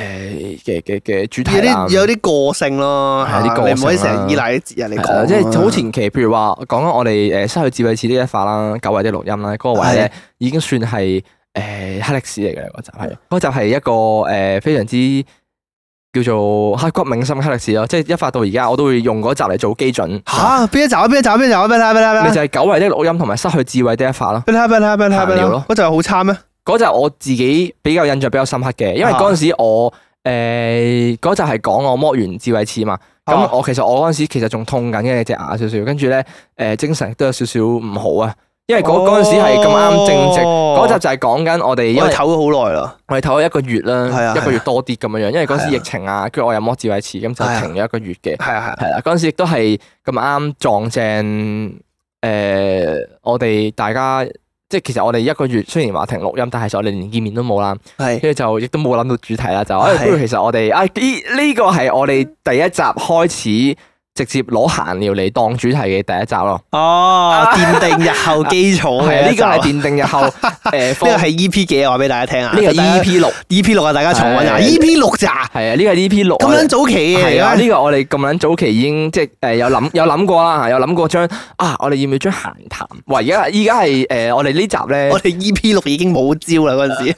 嘅嘅嘅主題有有、啊，有啲有啲個性咯，係啲個性啦。唔可、就是、以成日依賴啲節日嚟講，即係好前期。譬如話講緊我哋誒失去智慧詞呢一發啦，九維的錄音啦，嗰、那個位咧已經算係誒黑歷史嚟嘅嗰集，係嗰是的 集係一個誒非常之叫做刻骨銘心黑歷史咯。即係一發到而家，我都會用嗰集嚟做基準。吓邊、啊、一集邊、啊、一集邊、啊、一集邊啦邊啦，咪、啊啊、就係九維的錄音同埋失去智慧的一發咯。邊啦邊啦邊啦，係咪咯？嗰集好差咩？嗰集我自己比較印象比較深刻嘅，因為嗰陣時我誒嗰集係講我剝完智慧齒嘛，咁我其實我嗰陣時其實仲痛緊嘅隻牙少少，跟住咧誒精神都有少少唔好啊，因為嗰嗰陣時係咁啱正值嗰集就係講緊我哋因為唞咗好耐咯，我哋唞咗一個月啦，一個月多啲咁樣樣，因為嗰時疫情啊，跟住我又剝智慧齒，咁就停咗一個月嘅，係啊係啊，係啦嗰陣時亦都係咁啱撞正誒我哋大家。即係其實我哋一個月雖然話停錄音，但係其實我哋連見面都冇啦。跟住是就亦都冇諗到主題啦。是就，不如其實我哋啊呢呢，這個係我哋第一集開始，直接攞閒聊嚟當主題嘅第一集咯，哦，奠定日後基礎嘅呢個係奠定日後誒呢個係 E P 幾話俾大家聽啊？呢個 E P 六，E P 六啊！大家重溫啊。E P 六咋？係啊，呢個 E P 六咁樣早期嘅係啊，呢個我哋咁樣早期已經即係誒，有諗有諗過啦，有諗過將啊我哋要唔要將閒談喂，而家而家係誒我哋呢集咧，我哋 E P 六已經冇招啦嗰陣時。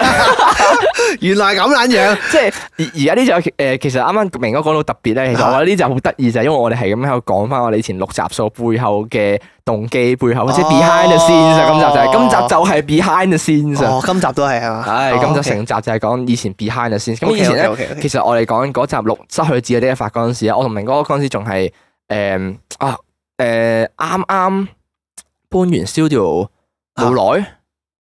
原來咁撚樣， 即係而而家呢集誒，其實啱啱明哥講到特別咧，其實我覺得呢集好得意就係因為我哋係咁喺度講翻我哋以前六集數背後嘅動機背後，或者、哦、behind the scenes、啊。今集就係、是哦、今集就係 behind the scenes、啊。哦，今集都係係嘛？係、哎哦、今集成集就係講以前 behind the scenes、哦。咁、okay、以前咧，okay, okay, okay 其實我哋講嗰集六失去自己呢一發嗰陣時咧，我同明哥嗰陣時仲係誒啊誒啱啱搬完 studio 好耐。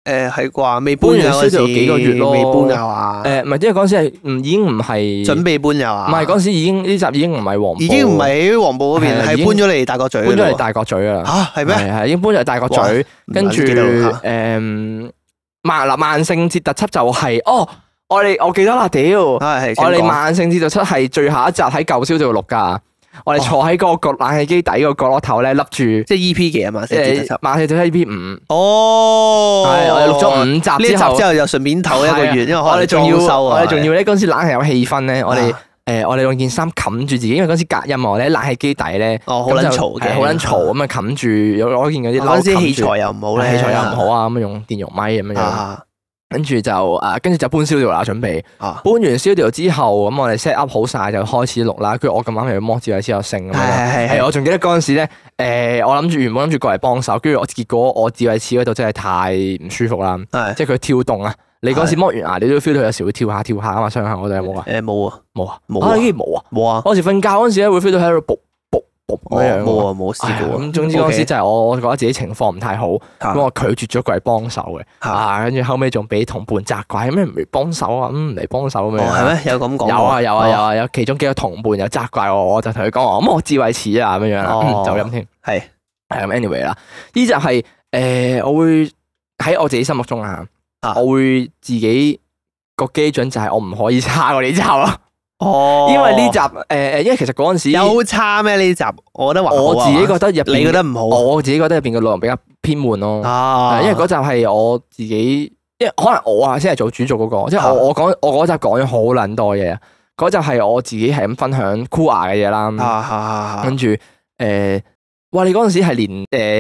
誒，係啩？未搬完月時，未搬啊嘛？誒，唔係，因為嗰時係唔已經唔係準備搬又，唔係嗰時已經呢集已經唔係黃埔，已經唔喺黃埔嗰邊，係搬咗嚟大角咀，搬咗嚟大角咀啊！吓係咩？係係已經搬咗嚟大角咀，跟住誒萬萬聖節特輯就係哦，我哋我記得啦，屌，我哋萬聖節特輯係最後一集喺舊燒度錄噶。我哋坐喺個焗冷氣機底個角落頭咧，笠住即係 E P 嘅啊嘛，即係馬戲仔 E P 五。哦，係我哋錄咗五集之後，之後就順便唞一個月，因為我哋裝修啊。我哋仲要咧嗰時冷氣有氣氛咧，我哋誒，我哋用件衫冚住自己，因為嗰時隔音啊，咧冷氣機底咧，好撚嘈嘅，好撚嘈，咁啊冚住有攞件嗰啲，嗰時器材又唔好咧，器材又唔好啊，咁啊用電容咪咁樣樣。跟住就啊，跟住就搬 studio 啦，準備。啊，搬完 studio 之後，咁、嗯、我哋 set up 好晒就開始錄啦。跟住我咁啱去要剝智慧齒又剩。係係係係，我仲記得嗰陣時咧，誒、呃，我諗住原本諗住過嚟幫手，跟住我結果我智慧齒嗰度真係太唔舒服啦。係即係佢跳動啊！係你嗰時剝完牙，你都 feel 到有時會跳下跳下相有有、欸、啊嘛？上下我哋有冇啊？誒，冇啊，冇啊，冇啊。竟然冇啊，我時瞓覺嗰陣時咧，會 feel 到喺度。冇啊，冇試、哦、過。咁、哎、總之嗰時就係我，我覺得自己情況唔太好，咁 Okay. 我拒絕咗過嚟幫手嘅。吓、啊，跟住、啊、後尾仲俾同伴責怪，點解唔嚟幫手啊？唔嚟幫手咁樣。係咩？有咁講？有啊，有啊，有啊。有其中幾個同伴又責怪我，我就同佢講話，咁我智慧齒啊，咁樣啦，就入添。係係咁，anyway 啦，呢集係誒，我會喺我自己心目中啊，我會自己個基準就係我唔可以差過你之後咯。 哦、因為呢集誒誒、呃，因為其實嗰陣時有差咩？呢集，我覺得話我自己覺得入，你覺得唔好，我自己覺得入邊嘅內容比較偏悶咯。啊、因為嗰集係我自己，因為可能我啊先係做主做嗰、那個，啊、即係我我講我嗰集講咗好卵多嘢，嗰集係我自己係咁分享酷 o 嘅嘢啦。跟住誒，哇！你嗰陣時係連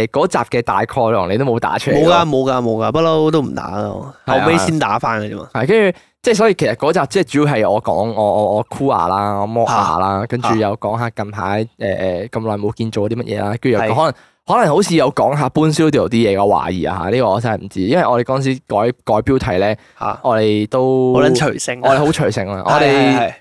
誒嗰、呃、集嘅大概量你都冇打出嚟，冇噶冇噶冇噶，不嬲都唔打咯，後尾先打翻嘅啫嘛。係跟住。即係所以，其實嗰集即係主要係我講我我我箍牙啦，我摸牙啦，跟住又講下近排誒誒咁耐冇見到做啲乜嘢啦，跟住又可能可能好似有講下搬 studio 啲嘢，我懷疑啊吓，呢、這個我真係唔知，因為我哋嗰陣時改改標題咧，我哋都好捻隨性，我哋好隨性啊，我哋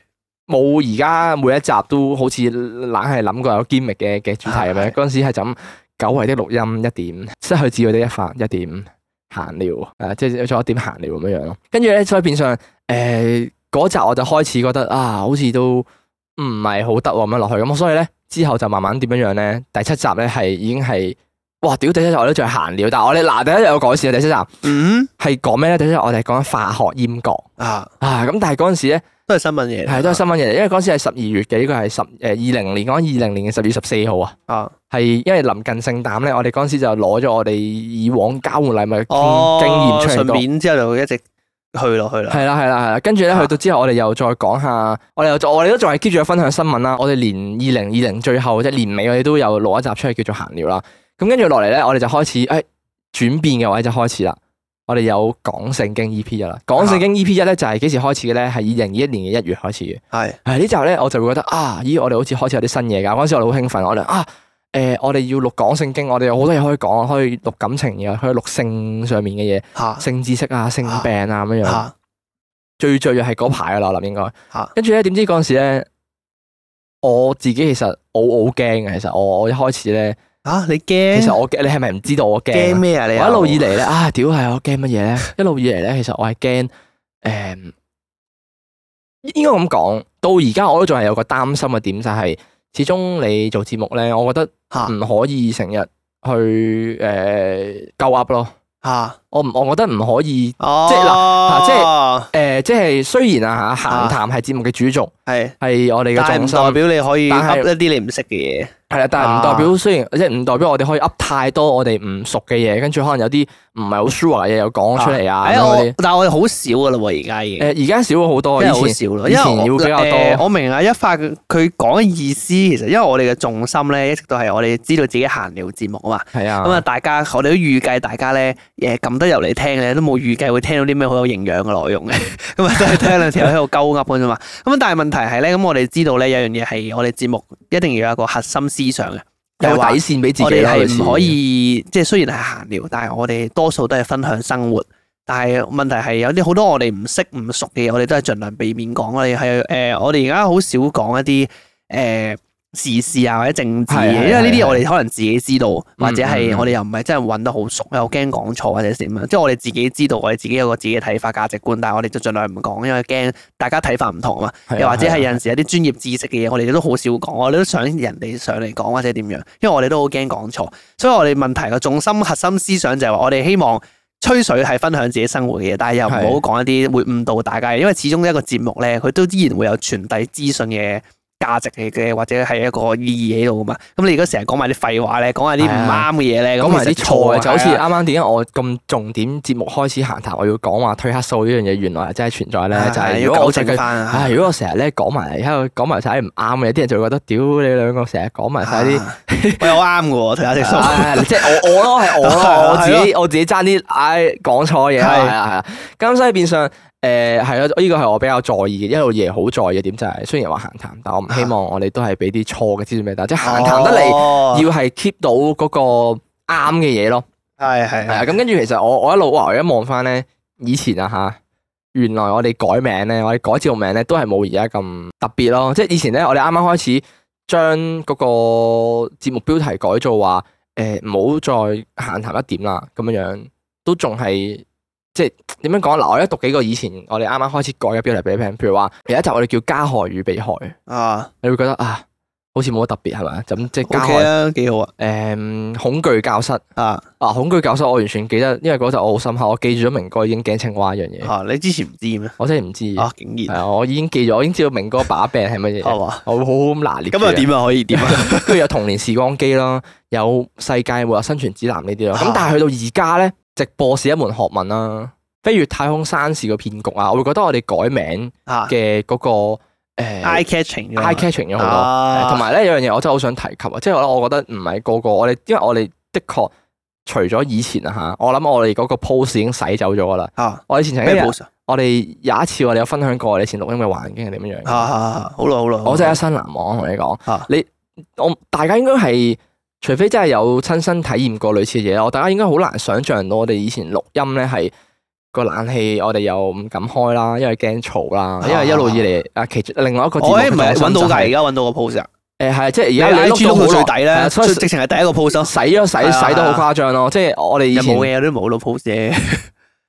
冇而家每一集都好似冷係諗過有 gimmick 嘅嘅主題嘅，嗰陣的時係就咁久違的錄音一點，失去智慧的一發一點,一點。閒聊啊，即係再一點閒聊咁樣樣咯，跟住咧，所以變相誒嗰集我就開始覺得啊，好似都唔係好得咁樣落去，咁所以咧之後就慢慢點樣樣咧，第七集咧係已經係哇屌，屌，屌第，第七集，嗯、呢我都再閒聊，但係我哋嗱第一日有改善啊，第七集嗯係講咩咧？第七集我哋係講緊化學閹割啊啊，咁但係嗰陣時咧。都係新聞嘢，係都係新聞嘢，因為嗰時係十二月嘅，呢、這個係十誒二零年嗰二零年嘅十月十四號啊，係因為臨近聖誕咧，我哋嗰時就攞咗我哋以往交換禮物經驗出嚟，順、哦、便之後就一直去落去啦，係啦係啦係啦，跟住咧去到之後我、啊我，我哋又再講下，我哋又我哋都仲係 keep 住分享新聞啦，我哋年二零二零最後即係年尾我哋都有攞一集出去叫做閒聊啦，咁跟住落嚟咧，我哋就開始誒轉、哎、變嘅位就開始啦。我哋有講性經 E P 一啦，講性經 E P 一咧就係、是、幾時開始嘅咧？係二零二一年嘅一月開始嘅。係是，係呢集咧，我就會覺得啊，咦，我哋好似開始有啲新嘢噶。嗰陣時我哋好興奮，我哋啊，誒、呃，我哋要錄講性經，我哋有好多嘢可以講，可以錄感情嘅，可以錄性上面嘅嘢，啊、性知識啊，性病啊咁樣。啊、最最係嗰排噶啦，我諗應該。跟住咧，點知嗰陣時咧，我自己其實我好驚，其實我我一開始咧。吓、啊、你驚？其實我驚，你係咪唔知道我驚？驚咩啊你？我一路以嚟咧，啊屌係我驚乜嘢咧？一路以嚟咧，其實我係驚，誒，應該咁講，到而家我都仲係有個擔心嘅點就係，始終你做節目咧，我覺得唔可以成日去誒夠噏咯吓。我我覺得唔可以、哦，即係嗱，即係誒，即係雖然啊嚇閒談係節目嘅主軸，係係、啊、我哋嘅，重心，唔代表你可以噏一啲你唔識嘅嘢。係是啊，但係唔代表雖然，即係唔代表我哋可以噏太多我哋唔熟嘅嘢，跟住可能有啲唔係好 sure 嘅嘢又講出嚟啊。哎、但係我哋好少噶啦喎，而家已經。誒，而家少咗好多，真係好少咯。比較多、呃。我明啊，一發佢講嘅意思，其實因為我哋嘅重心咧，一直都係我哋知道自己閒聊節目啊嘛。係啊。咁啊、嗯，大家我哋都預計大家咧誒咁。都入嚟聽嘅，都冇預計會聽到啲咩好有營養嘅內容嘅，咁啊都係聽兩條喺度鳩噏嘅啫嘛。咁但係問題係咧，咁我哋知道咧，有樣嘢係我哋節目一定要有一個核心思想嘅，有底綫俾自己。我係唔可以，即係雖然係閒聊，但係我哋多數都係分享生活。但係問題係有啲好多我哋唔識唔熟嘅嘢，我哋都係盡量避免講啦。係誒，我哋而家好少講一啲誒。時事啊，或者政治，的因為呢啲我哋可能自己知道，的或者係我哋又唔係真係搵得好熟，又驚講錯或者點樣。即係、嗯、我哋自己知道，我哋自己有個自己嘅睇法、價值觀，但係我哋就盡量唔講，因為驚大家睇法唔同啊嘛。又的或者係有陣時有啲專業知識嘅嘢，我哋都好少講，的我哋都想人哋上嚟講或者點樣，因為我哋都好驚講錯。所以我哋問題嘅重心、核心思想就係話，我哋希望吹水係分享自己生活嘅嘢，但係又唔好講一啲會誤導大家。因為始終一個節目咧，佢都依然會有傳遞資訊嘅，價值嘅嘅或者係一個意義喺度嘛？咁你如果成日講埋啲廢話咧，講埋啲唔啱嘅嘢咧，講埋啲錯嘅就好似啱啱點解我咁重點節目開始閒談，我要講話褪黑素呢樣嘢原來係真係存在咧，就係如果我成日咧講埋喺度講埋晒啲唔啱嘅，啲人就會覺得屌你兩個成日講埋晒啲，我啱嘅喎褪黑素，即係我我咯係我咯，我自己我自己爭啲唉講錯嘢係啊係啊，咁所以變相。誒，係咯、嗯，呢個係我比較在意嘅，一路嘢好在意嘅點就係，雖然話閒談，但我唔希望我哋都係俾啲錯嘅資料俾，大家，啊、即係閒談得嚟，要係 keep 到嗰個啱嘅嘢咯。係係係啊，咁跟住其實我我一路話我而家望翻咧，以前啊吓，原來我哋改名咧，我哋改照名咧，都係冇而家咁特別咯。即係以前咧，我哋啱啱開始將嗰個節目標題改做話，誒、呃，唔好再閒談一點啦，咁樣樣都仲係即係點樣講嗱？我而家讀幾個以前我哋啱啱開始改嘅標題俾你聽，譬如話有一集我哋叫《加害與被害》，啊，你會覺得啊，好似冇乜特別係咪？咁即係 O K 啊，幾好啊。誒，恐懼教室啊，啊，恐懼教室我完全記得，因為嗰集我好深刻，我記住咗明哥已經驚青蛙一樣嘢。你之前唔知咩？我真係唔知啊，竟然我已經記咗，我已經知道明哥把柄係乜嘢。係嘛， 我好好咁拿捏住咁又點啊？可以點啊？跟 住 有童年時光機咯，有世界末日生存指南、啊、呢啲咯。咁但係去到而家咧。直播是一門學問啦、啊，飛越太空山市個騙局啊，我會覺得我哋改名嘅嗰、那個誒、啊呃、eye catching，eye catching 咗好多，同埋咧有，呢有樣嘢我真係好想提及啊，即係我咧，我覺得唔係個個，我哋因為我哋的確除咗以前啊吓，我諗我哋嗰個 post 已經洗走咗㗎喇，啊、我以前曾經、啊，我哋有一次我哋有分享過我以錄，以前錄音嘅環境係點樣樣，好耐好耐、啊，我真係一生難忘，同你講，你我大家應該係。除非真係有親身體驗過類似嘢啦，我大家應該好難想象到我哋以前錄音咧係個冷氣，我哋又唔敢開啦，因為驚嘈啦，啊、因為一路以嚟，啊，其另外一個我依唔係搵到第而家搵到個 pose，誒係即係而家你錄的到最底咧，所以直情係第一個 pose，、啊、洗咗洗，洗得好誇張咯，啊、即係我哋以前冇嘢都冇到 pose 啫。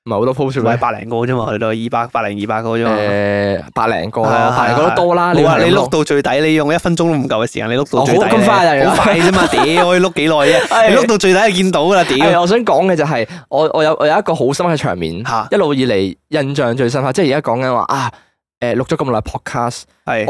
唔係好多 post，唔係百零個啫嘛，去到二百百零二百個啫嘛。誒，百零個係啊，百零個都多啦。你話你碌到最底，你用一分鐘都唔夠嘅時間，你碌到最底，好快啊，好快啫嘛。屌，可以碌幾耐啫？你碌到最底就見到㗎啦。屌，我想講嘅就係我我有我有一個好深嘅場面，吓一路以嚟，印象最深刻，即係而家講緊話啊。誒，錄咗咁耐 podcast，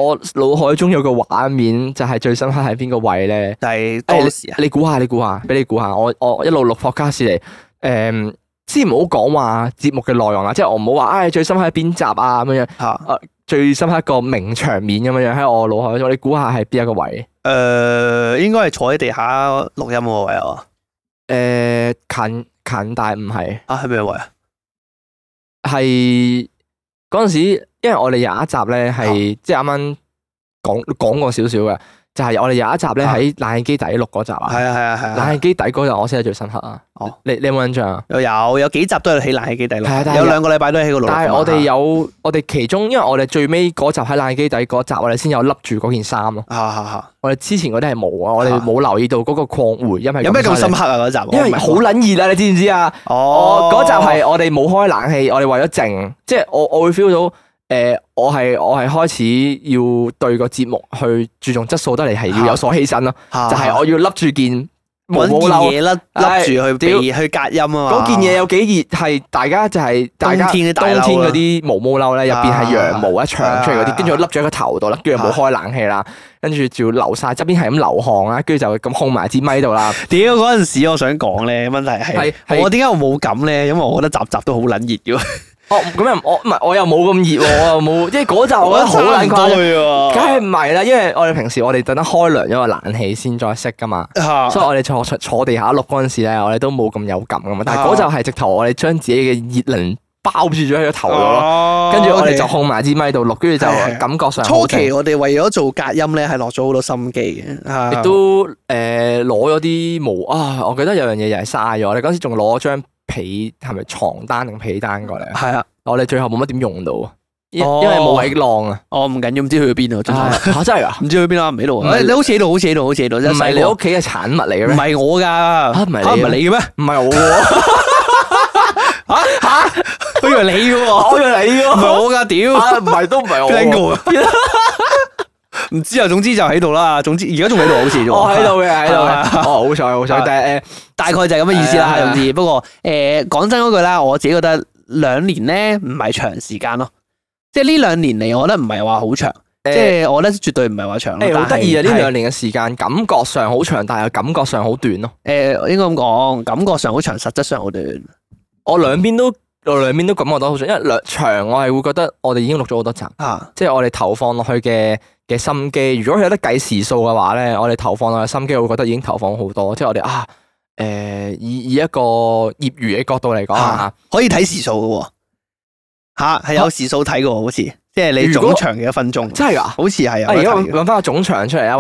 我腦海中有個畫面就係最深刻喺邊個位咧？係當時啊，你估下，你估下，俾你估下，我我一路錄 podcast 嚟，誒。先唔好講話節目嘅內容啦，即係我唔好話，唉最深刻喺邊集啊咁樣，吓，誒最深刻一個名場面咁樣樣喺我腦海度，你估下係邊一個位？誒、呃，應該係坐喺地下錄音嗰個位啊？誒、呃，近近但係唔係啊？係咩位啊？係嗰陣時，因為我哋有一集咧，係好即係啱啱講講過少少嘅。就係我哋有一集咧，喺冷氣機底錄嗰集啊，係啊係啊係啊！啊啊冷氣機底嗰日我先係最深刻啊、哦！你你有冇印象啊？有有，有幾集都係喺冷氣機底錄，係啊，有兩個禮拜都喺個爐房。但係我哋有、啊、我哋其中，因為我哋最尾嗰集喺冷氣機底嗰集，我、啊啊我集，我哋先有笠住嗰件衫咯。啊我哋之前嗰啲係冇啊，我哋冇留意到嗰個迴音，因為有咩咁深刻啊嗰集？因為好撚熱啊！你知唔知啊？哦，嗰集係我哋冇開冷氣，我哋為咗靜，即、就、係、是、我我，我會 feel 到。誒、呃，我係我係開始要對個節目去注重質素得嚟，係要有所犧牲咯。的就係我要笠住件毛毛嘢笠笠住去，而的去隔音啊。嗰件嘢有幾熱，係大家就係、是、冬天大冬天嗰啲毛毛褸咧，入邊係羊毛的一長出嚟嗰啲，跟住我笠咗喺個頭度啦，跟住冇開冷氣啦，跟住就流晒，側邊係咁流汗啦，跟住就咁控埋支咪度啦。屌，嗰陣時，我想講咧，問題係的我點解我冇咁咧？因為我覺得集集都好捻熱嘅。 我咁又我唔係我又冇咁熱喎，我又冇，即係嗰陣我覺得好難誇啫。梗係唔係啦？因為我哋平時我哋等得開涼，因為冷氣先再熄噶嘛。所以我哋坐坐坐地下錄嗰陣時咧，我哋都冇咁有感噶嘛。但係嗰陣係直頭，我哋將自己嘅熱能包住咗喺個頭度咯。跟住我哋就控埋支咪度錄，跟住就感覺上初期我哋為咗做隔音咧，係落咗好多心機嘅，亦都誒攞咗啲毛啊！我記得有樣嘢又係嘥咗，我哋嗰時仲攞張。被係咪床單定被單過嚟啊？係啊，我哋最後冇乜點用到，啊，因為冇位晾啊。我唔緊要，唔知去咗邊度。真係啊，真係啊，唔知去邊啊？唔喺度啊？誒，你好似喺度，好似喺度，好似喺度，唔係你屋企嘅產物嚟嘅咩？唔係我㗎，啊唔係你嘅咩？唔係我，啊吓，佢以為你嘅喎，我以為你嘅，唔係我㗎，屌，唔係都唔係我。唔知啊，總之就喺度啦。總之而家仲喺度好似我喺度嘅，喺度。哦，好彩，好彩。但係誒，大概就係咁嘅意思啦，總之。不過誒，講真嗰句啦，我自己覺得兩年咧唔係長時間咯。即係呢兩年嚟，我覺得唔係話好長。即係我覺得絕對唔係話長。誒，好得意啊！呢兩年嘅時間，感覺上好長，但係感覺上好短咯。誒，應該咁講，感覺上好長，實質上好短。我兩邊都。內裏面都感覺到好想，因為兩場我係會覺得我哋已經錄咗好多集，啊、即係我哋投放落去嘅嘅心機。如果佢有得計時數嘅話咧，我哋投放落去心機，我會覺得已經投放好多。即係我哋啊，誒、呃，以以一個業餘嘅角度嚟講、啊，可以睇時數嘅，吓、啊、係有時數睇嘅，啊、好似即係你總場嘅一分鐘，真係啊，好似係啊，揾翻個總場出嚟啊，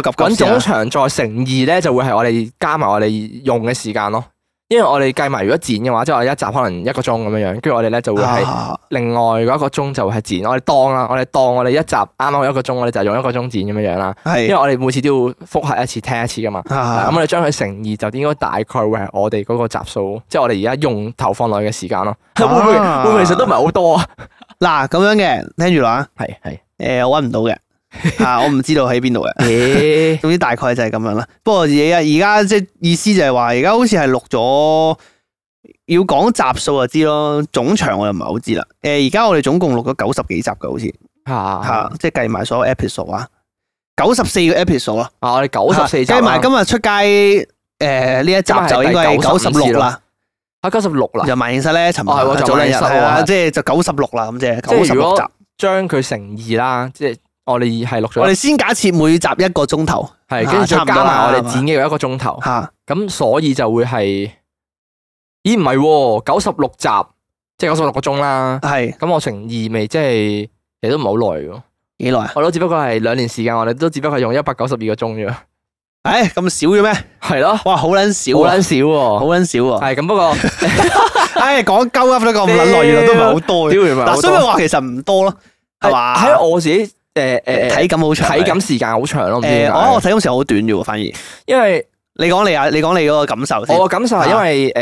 揾總場再乘二咧，試試就會係我哋加埋我哋用嘅時間咯。因為我哋計埋如果剪嘅話，即係我哋一集可能一個鐘咁樣樣，跟住我哋咧就會喺另外嗰一個鐘就係剪，啊、我哋當啦，我哋當我哋一集啱啱一個鐘，我哋就用一個鐘剪咁樣樣啦。因為我哋每次都要複核一次聽一次噶嘛。咁、啊啊、我哋將佢乘二，就應該大概會係我哋嗰個集數，啊、即係我哋而家用投放落去嘅時間咯。啊、會唔會？會唔會？其實都唔係好多啊。嗱，咁樣嘅，聽住啦。係係。誒、呃，我搵唔到嘅。吓、 嗯，我唔知道喺邊度嘅。總之大概就係咁樣啦。不過嘢啊，而家即係意思就係話，而家好似係錄咗要講集數就知咯。總長我又唔係好知啦。誒，而家我哋總共錄咗九十幾集嘅，好似吓吓，即係計埋所有 episode 啊，九十四個 episode 啊。我哋九十四，計埋今日出街誒呢、呃、一集就應該係九十六啦。吓，九十六啦。又埋現實咧，尋日。喎，早兩日即係就九十六啦，咁即係。九十六集，將佢乘二啦，即係。我哋係錄咗，我哋先假設每集一個鐘頭，係，跟住再加埋我哋剪嘅又一個鐘頭，吓，咁所以就會係，咦唔係，九十六集即係九十六個鐘啦，係，咁我乘二咪即係，你都唔係好耐嘅，幾耐？我都，只不過係兩年時間，我哋都只不過用一百九十二個鐘啫，誒咁少嘅咩？係咯，哇好撚少，好撚少，好撚少，係咁。不過，誒講鳩啊，不過咁撚耐，原來都唔係好多。嗱，所以話其實唔多咯，係嘛？喺我自己。誒誒，呃、體感好長，呃、體感時間好長咯。誒、呃呃，我我體感時間好短嘅喎，反而，因為你講你啊，你講你嗰個感受。我個感受係因為誒是、啊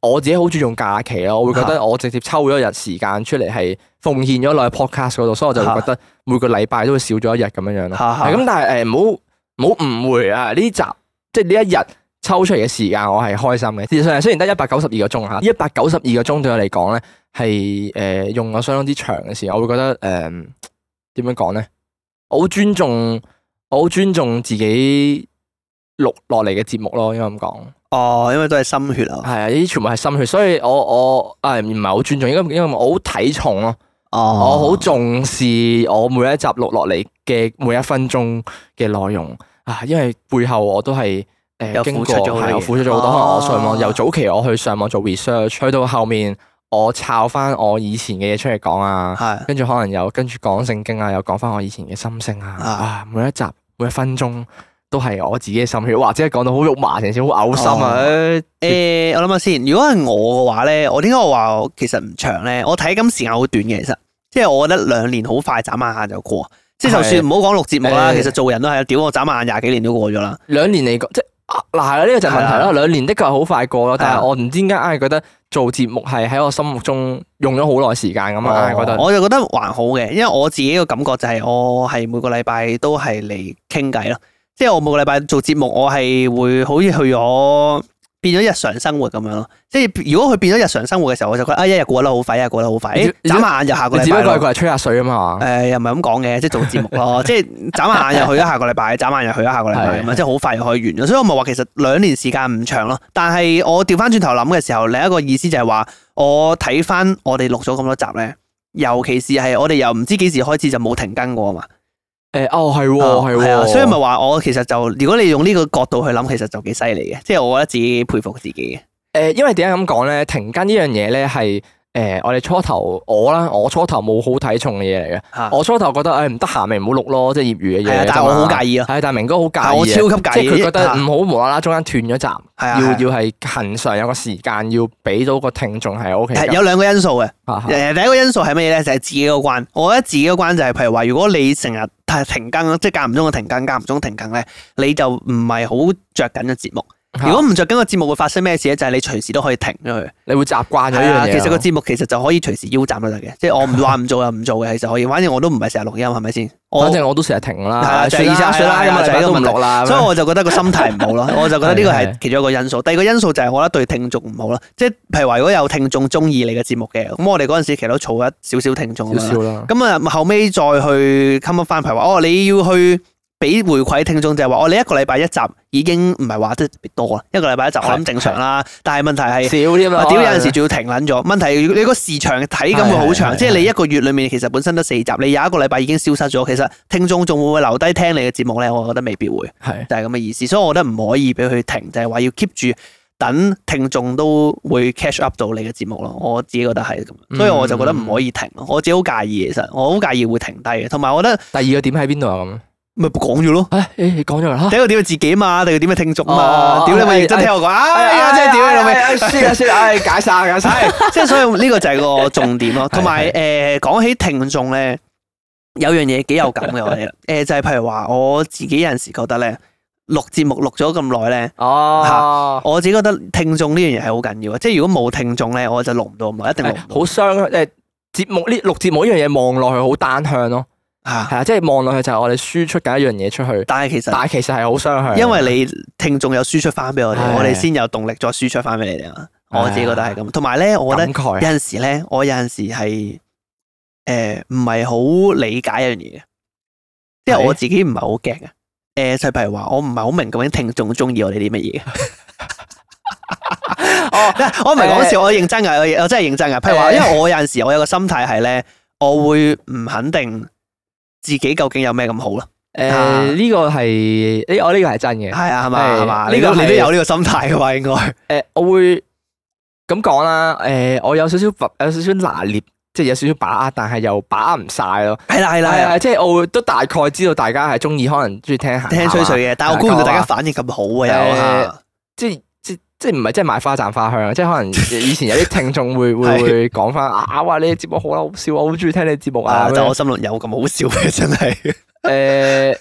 呃，我自己好注重假期咯，是啊、我會覺得我直接抽咗一日時間出嚟係奉獻咗落去 podcast 嗰度是，啊、所以我就會覺得每個禮拜都會少咗一日咁樣樣咯。咁但係誒，唔好唔好誤會啊！呢集即係呢一日抽出嚟嘅時間，我係開心嘅。事實上雖然得一百九十二個鐘吓，一百九十二個鐘對我嚟講咧係誒用咗相當之長嘅時間，我會覺得誒。嗯點樣講咧？我好尊重，我好尊重自己錄落嚟嘅節目咯。應該咁講，哦，oh, 因為都係心血啊。係啊，呢啲全部係心血，所以我我誒唔係好尊重，應該，因為我好睇重咯。哦，oh. 我好重視我每一集錄落嚟嘅每一分鐘嘅內容啊，因為背後我都係誒經過，付出咗好多。可能我上網由早期我去上網做 research，去到後面。我抄翻我以前嘅嘢出嚟講啊，是的 跟住可能又跟住講聖經啊，又講翻我以前嘅心聲啊，啊是的，每一集每一分鐘都係我自己嘅心血，或者講到好肉麻，成時好嘔心啊，哦。誒，我諗下先，如果係我嘅話咧，我點解我話，其實唔長咧？我睇今時間好短嘅，其實即係我覺得兩年好快，眨下眼，眼就過。即係就算唔好講錄節目啦，的其實做人都係，屌我眨眼廿幾年都過咗啦。兩年嚟講即。嗱，係啦、啊，呢個就係問題啦。兩年的確係好快過咯，但係我唔知點解硬係覺得做節目係喺我心目中用咗好耐時間咁啊！哦、我就覺得還好嘅，因為我自己個感覺就係我係每個禮拜都係嚟傾偈咯。即係我每個禮拜做節目，我係會好似去咗。變咗日常生活咁樣咯，即係如果佢變咗日常生活嘅時候，我就覺得啊，一日過得好快，一日過得好快。眨下知眼就下個禮拜。只不過係佢係吹下水啊嘛。誒、呃，又唔係咁講嘅，即係做節目咯， 即係眨下眼又去咗下個禮拜，眨眼又去咗下個禮拜咁啊， 即係好快就可以完咗。所以我咪話其實兩年時間唔長咯。但係我調翻轉頭諗嘅時候，另一個意思就係話，我睇翻我哋錄咗咁多集咧，尤其是係我哋又唔知幾時開始就冇停更過啊嘛。誒、呃，哦，係，係，係啊，啊啊啊所以咪話我其實就，如果你用呢個角度去諗，其實就幾犀利嘅，即係我覺得自己佩服自己嘅。誒、呃，因為點解咁講咧？停更呢樣嘢咧係。誒、呃，我哋初頭我啦，我初頭冇好睇重嘅嘢嚟嘅。是的 我初頭覺得誒，唔得閒咪唔好錄咯，即係業餘嘅嘢。但係我好介意啊。係，但係明哥好介意，我超級介意。佢覺得唔好無啦啦中間斷咗集，係啊是的，要要係恒常有個時間，要俾到個聽眾係 O K。係有兩個因素嘅。第一個因素係乜嘢咧？就係、是、自己個關。我覺得自己個關就係、是、譬如話，如果你成日停更，即係間唔中個停更，間唔中停更咧，你就唔係好着緊嘅節目。如果唔着緊個節目會發生咩事咧？就係你隨時都可以停咗佢。你會習慣咗呢樣嘢。係，其實個節目其實就可以隨時腰斬都得嘅。即係我唔話唔做又唔做嘅，其實可以。反正我都唔係成日錄音，係咪先？反正我都成日停啦。係，第二次甩甩咗就唔落啦。所以我就覺得個心態唔好啦。我就覺得呢個係其中一個因素。第二個因素就係我覺得對聽眾唔好啦。即係譬如話如果有聽眾中意你嘅節目嘅，咁我哋嗰陣時其實都儲一少少聽眾。少少啦。咁啊，後尾再去 come up 翻，譬如話，哦，你要去。俾回饋聽眾就係話，我哋一個禮拜一集已經唔係話特別多，一個禮拜一集咁正常啦。但係問題係少啲嘛，啊、有陣時仲要停撚咗。問題你個時長嘅體感會好長，即係你一個月裏面其實本身得四集，你有一個禮拜已經消失咗。其實聽眾仲會唔會留低聽你嘅節目咧？我覺得未必會，係是就係咁嘅意思。所以我覺得唔可以俾佢停，就係、是、話要 keep 住等聽眾都會 catch up 到你嘅節目咯。我自己覺得係咁，所以我就覺得唔可以停。嗯、我自己好介意，其實我好介意會停低嘅。同埋我覺得第二個點喺邊度啊？咁。咪講咗咯，誒，你講咗啦，第一個屌係自己嘛，第二個屌係聽眾嘛，屌你咪認真聽我講，真係屌啊，老味，算啦算啦，解晒解晒，即係所以呢個就係個重點咯，同埋誒講起聽眾咧，有樣嘢幾有感嘅我哋啦，誒就係譬如話我自己有陣時覺得咧錄節目錄咗咁耐咧，哦，我自己覺得聽眾呢樣嘢係好緊要嘅，即係如果冇聽眾咧，我就錄唔到咁耐，一定係好傷，誒，節目呢，錄節目呢樣嘢望落去好單向咯。吓係啊，即係望落去就係我哋輸出嘅一樣嘢出去，但係其實但係其實係好雙向，因為你聽眾有輸出翻俾我哋，我哋先有動力再輸出翻俾你哋啊！我自己覺得係咁，同埋咧，我覺得有陣時咧，我有陣時係誒唔係好理解一樣嘢，因為我自己唔係好驚啊。誒，就譬如話，我唔係好明究竟聽眾中意我哋啲乜嘢。我唔係講笑，我認真㗎，我我真係認真㗎。譬如話，因為我有陣時我有個心態係咧，我會唔肯定。自己究竟有咩咁好啦？誒，呢個係呢，我呢個係真嘅。係啊，係嘛，呃，係嘛，呢個你都有呢個心態嘅話，應該誒，我會咁講啦。誒，呃，我有少少有少少拿捏，即係有少少把握，但係又把握唔晒咯。係啦，係啦，係啊，的即係我會都大概知道大家係中意，可能中意聽下聽吹水嘅，但係我估唔到大家反應咁好嘅，呃呃，即係。即係唔係，即係賣花讚花香，即係可能以前有啲聽眾會 會講翻啊，哇，你嘅節目好啊，好笑啊，我好中意聽你嘅節目啊。我心裏有咁好笑嘅真係。誒。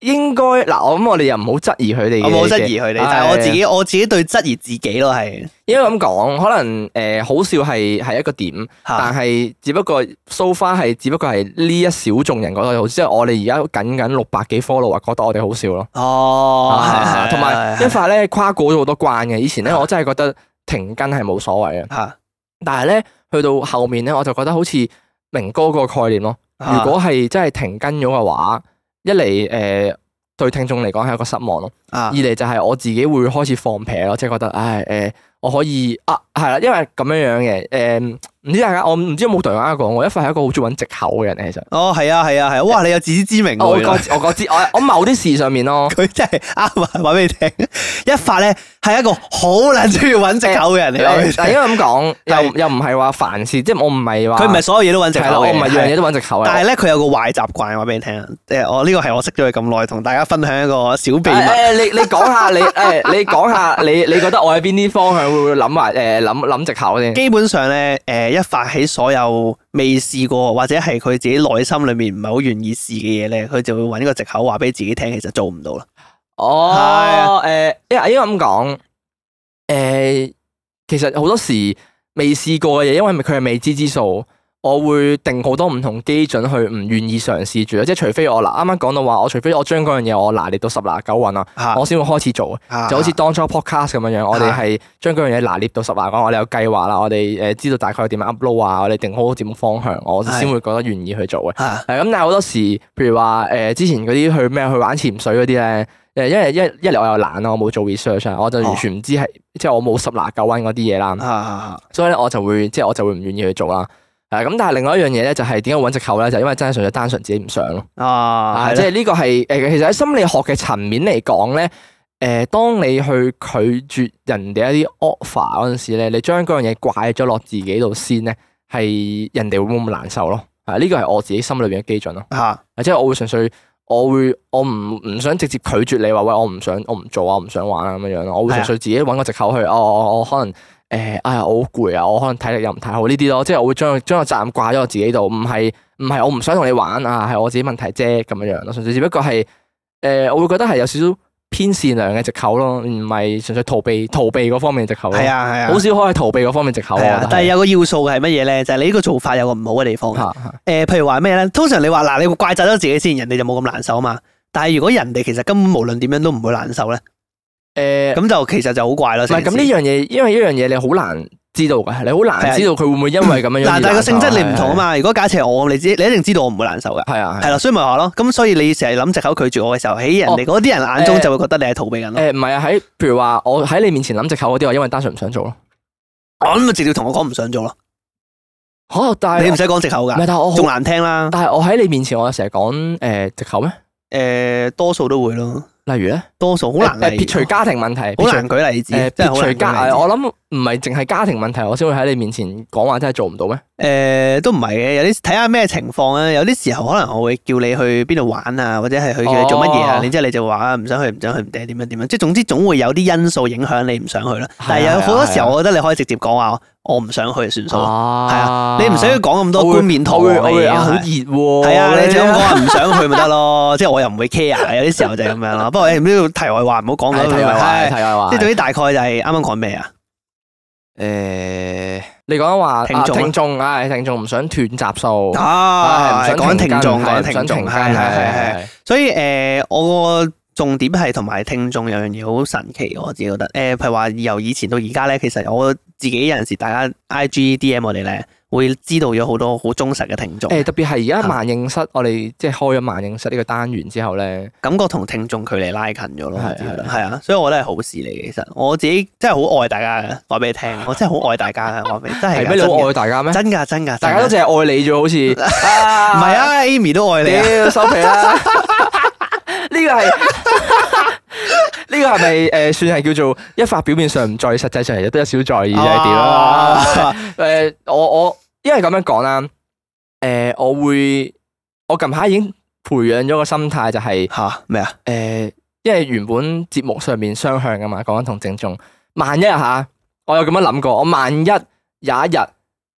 應該嗱，我諗我哋又唔好質疑佢哋，我冇質疑佢哋，的但係我自己的我自己對質疑自己咯，係應該咁講，可能誒、呃、好笑係係一個點，的但係只不過 So far 係只不過係呢一小眾人覺得好，之、就、後、是、我哋而家僅僅六百幾 follow，覺得我哋好笑咯。哦，同埋的的一發咧，跨過咗好多關嘅，以前咧，我真係覺得停更係冇所謂嘅的，但係咧，去到後面咧，我就覺得好似明哥個概念咯的，如果係真係停更咗嘅話。一嚟誒、呃、對聽眾嚟講係一個失望咯，啊、二嚟就係我自己會開始放平咯，即係覺得唉誒。呃我可以啊，係啦，因為咁樣樣嘅，誒、嗯，唔知大家，我唔知有冇同大家講，我一發係一個好中意揾藉口嘅人，其實。哦，係啊，係啊，係，哇，你有自知之明。哦，我 我我知，我我某啲事上面咯，佢真係啱，話話俾你聽，一發咧係一個好撚中意揾藉口嘅人嚟，欸、但因為咁講的，又又唔係話凡事，即係我唔係話，佢唔係所有嘢都揾藉口，我唔係樣嘢都揾藉口但係咧，佢有個壞習慣，話俾你聽，即係我呢、這個係我識咗佢咁耐，同大家分享一個小秘密，你你講下你誒，你講下你你，你，下你，你覺得我喺邊啲方向？會諗埋誒諗諗借口先。基本上咧，誒、呃、一發起所有未試過或者係佢自己內心裏面唔係好願意試嘅嘢咧，佢就會揾個借口話俾自己聽，其實做唔到啦。哦，誒、啊呃呃，因為應該咁講，誒，其實好多時未試過嘅嘢，因為佢係未知之數。我會定好多唔同基準去唔願意嘗試住啦，即係除非我嗱，啱啱講到話，我除非我將嗰樣嘢我拿捏到十拿九穩啊，我先會開始做，啊、就好似當初 podcast 咁樣樣，啊、我哋係將嗰樣嘢拿捏到十拿九穩，我哋有計劃啦，我哋誒知道大概點樣 upload 啊，我哋定好節目方向，我先會覺得願意去做嘅。咁是，啊、但係好多時，譬如話誒之前嗰啲去咩去玩潛水嗰啲咧，誒，因為一一嚟我又懶啊，我冇做 research，我就完全唔知係，哦、即係我冇十拿九穩嗰啲嘢啦，啊啊、所以咧我就會即係、就是、我就會唔願意去做啦。誒，咁但係另外一樣嘢咧，就係點解揾借口咧？就係因為真係純粹單純自己唔想咯。啊，即係呢個係誒，其實喺心理學嘅層面嚟講咧，誒、呃，當你去拒絕人哋一啲 offer 嗰陣時咧，你將嗰樣嘢怪咗落自己度先咧，係人哋會唔會咁難受咯？啊，呢個係我自己心裏邊嘅基準咯。吓、啊，即係、啊就是、我會純粹，我會我唔唔想直接拒絕你話喂，我唔想，我唔做啊，唔想玩啊咁樣樣。我會純粹自己揾個借口去，我我的、哦、我可能。誒，哎呀，我好攰啊，我可能體力又唔太好呢啲咯，即係我會將將個責任掛咗我自己度，唔係唔係我唔想同你玩啊，係我自己問題啫咁樣樣咯，純粹只不過係誒，我會覺得係有少少偏善良嘅借口咯，唔係純粹逃避逃避嗰方面嘅借口咯，係啊係啊，好、啊、少可以逃避嗰方面借口啊。覺但係有個要素係乜嘢咧？就係、是、你呢個做法有個唔好嘅地方。誒、啊呃，譬如話咩咧？通常你話嗱、呃，你會怪責咗自己先，人哋就冇咁難受啊嘛。但係如果人哋其實根本無論點樣都唔會難受咧？誒，咁就其實就好怪咯。唔係咁呢樣嘢，因為呢樣嘢你好難知道噶你好難知道佢會唔會因為咁樣。嗱，但係個性質你唔同啊嘛。如果假設係我，你知你一定知道我唔會難受噶。係啊，係啦，所以咪話咯。咁所以你成日諗藉口拒絕我嘅時候，喺人哋嗰啲人眼中就會覺得你係逃避緊咯。唔係啊，喺譬如話我喺你面前諗藉口嗰啲，我因為單純唔想做咯。咁咪直接同我講唔想做咯。吓，但係你唔使講藉口噶。仲難聽啦。但係我喺你面前，我成日講誒藉口咩？誒，多數都會咯。例如咧，多數好難。誒，撇除家庭問題，好難舉例子。誒，撇除家，我諗唔係淨係家庭問題，我先會喺你面前講話，真係做唔到咩？誒，都唔係嘅，有啲睇下咩情況啊。有啲時候可能我會叫你去邊度玩啊，或者係去叫你做乜嘢啊。你即係你就話唔想去，唔想去，唔定點樣點樣。即係總之總會有啲因素影響你唔想去啦。但係有好多時候，我覺得你可以直接講話，我唔想去算數。係啊，你唔使講咁多官面套嘢啊。好熱，係啊，你就咁講唔想去咪得咯？即係我又唔會 care。有啲時候就係咁樣咯。唔好喺呢度題外話，唔好講題外話。即係總之大概就係啱啱講咩啊？誒、啊，你講話聽眾，聽眾，誒，聽眾唔想斷集數啊！講聽眾，講聽眾，係係係。所以誒、uh，我個重點係同埋聽眾有樣嘢好神奇、啊，我自己覺得。譬、uh, 如話由以前到而家咧，其實我自己有陣時大家 I G D M 我哋咧。會知道咗好多好忠實嘅聽眾誒，特別係而家萬應室，我哋即係開咗萬應室呢個單元之後咧，感覺同聽眾距離拉近咗咯，係啊，所以我都係好事嚟。其實我自己真係好愛大家嘅，話俾你聽，我真係好愛大家嘅，話俾真係好愛大家咩？真噶，真噶，大家都淨係愛你啫，好似唔係啊，Amy 都愛你。收皮啦，呢個係呢個係咪誒，算係叫做一發表面上唔在意，實際上亦都有少在意就係點啊？誒，我我。因為咁樣講啦，誒、呃，我會我近排已經培養咗個心態，就係，就係吓，咩啊？誒，因為原本節目上面雙向㗎嘛，講緊同正中，萬一下，啊，我有咁樣諗過，我萬一有一日。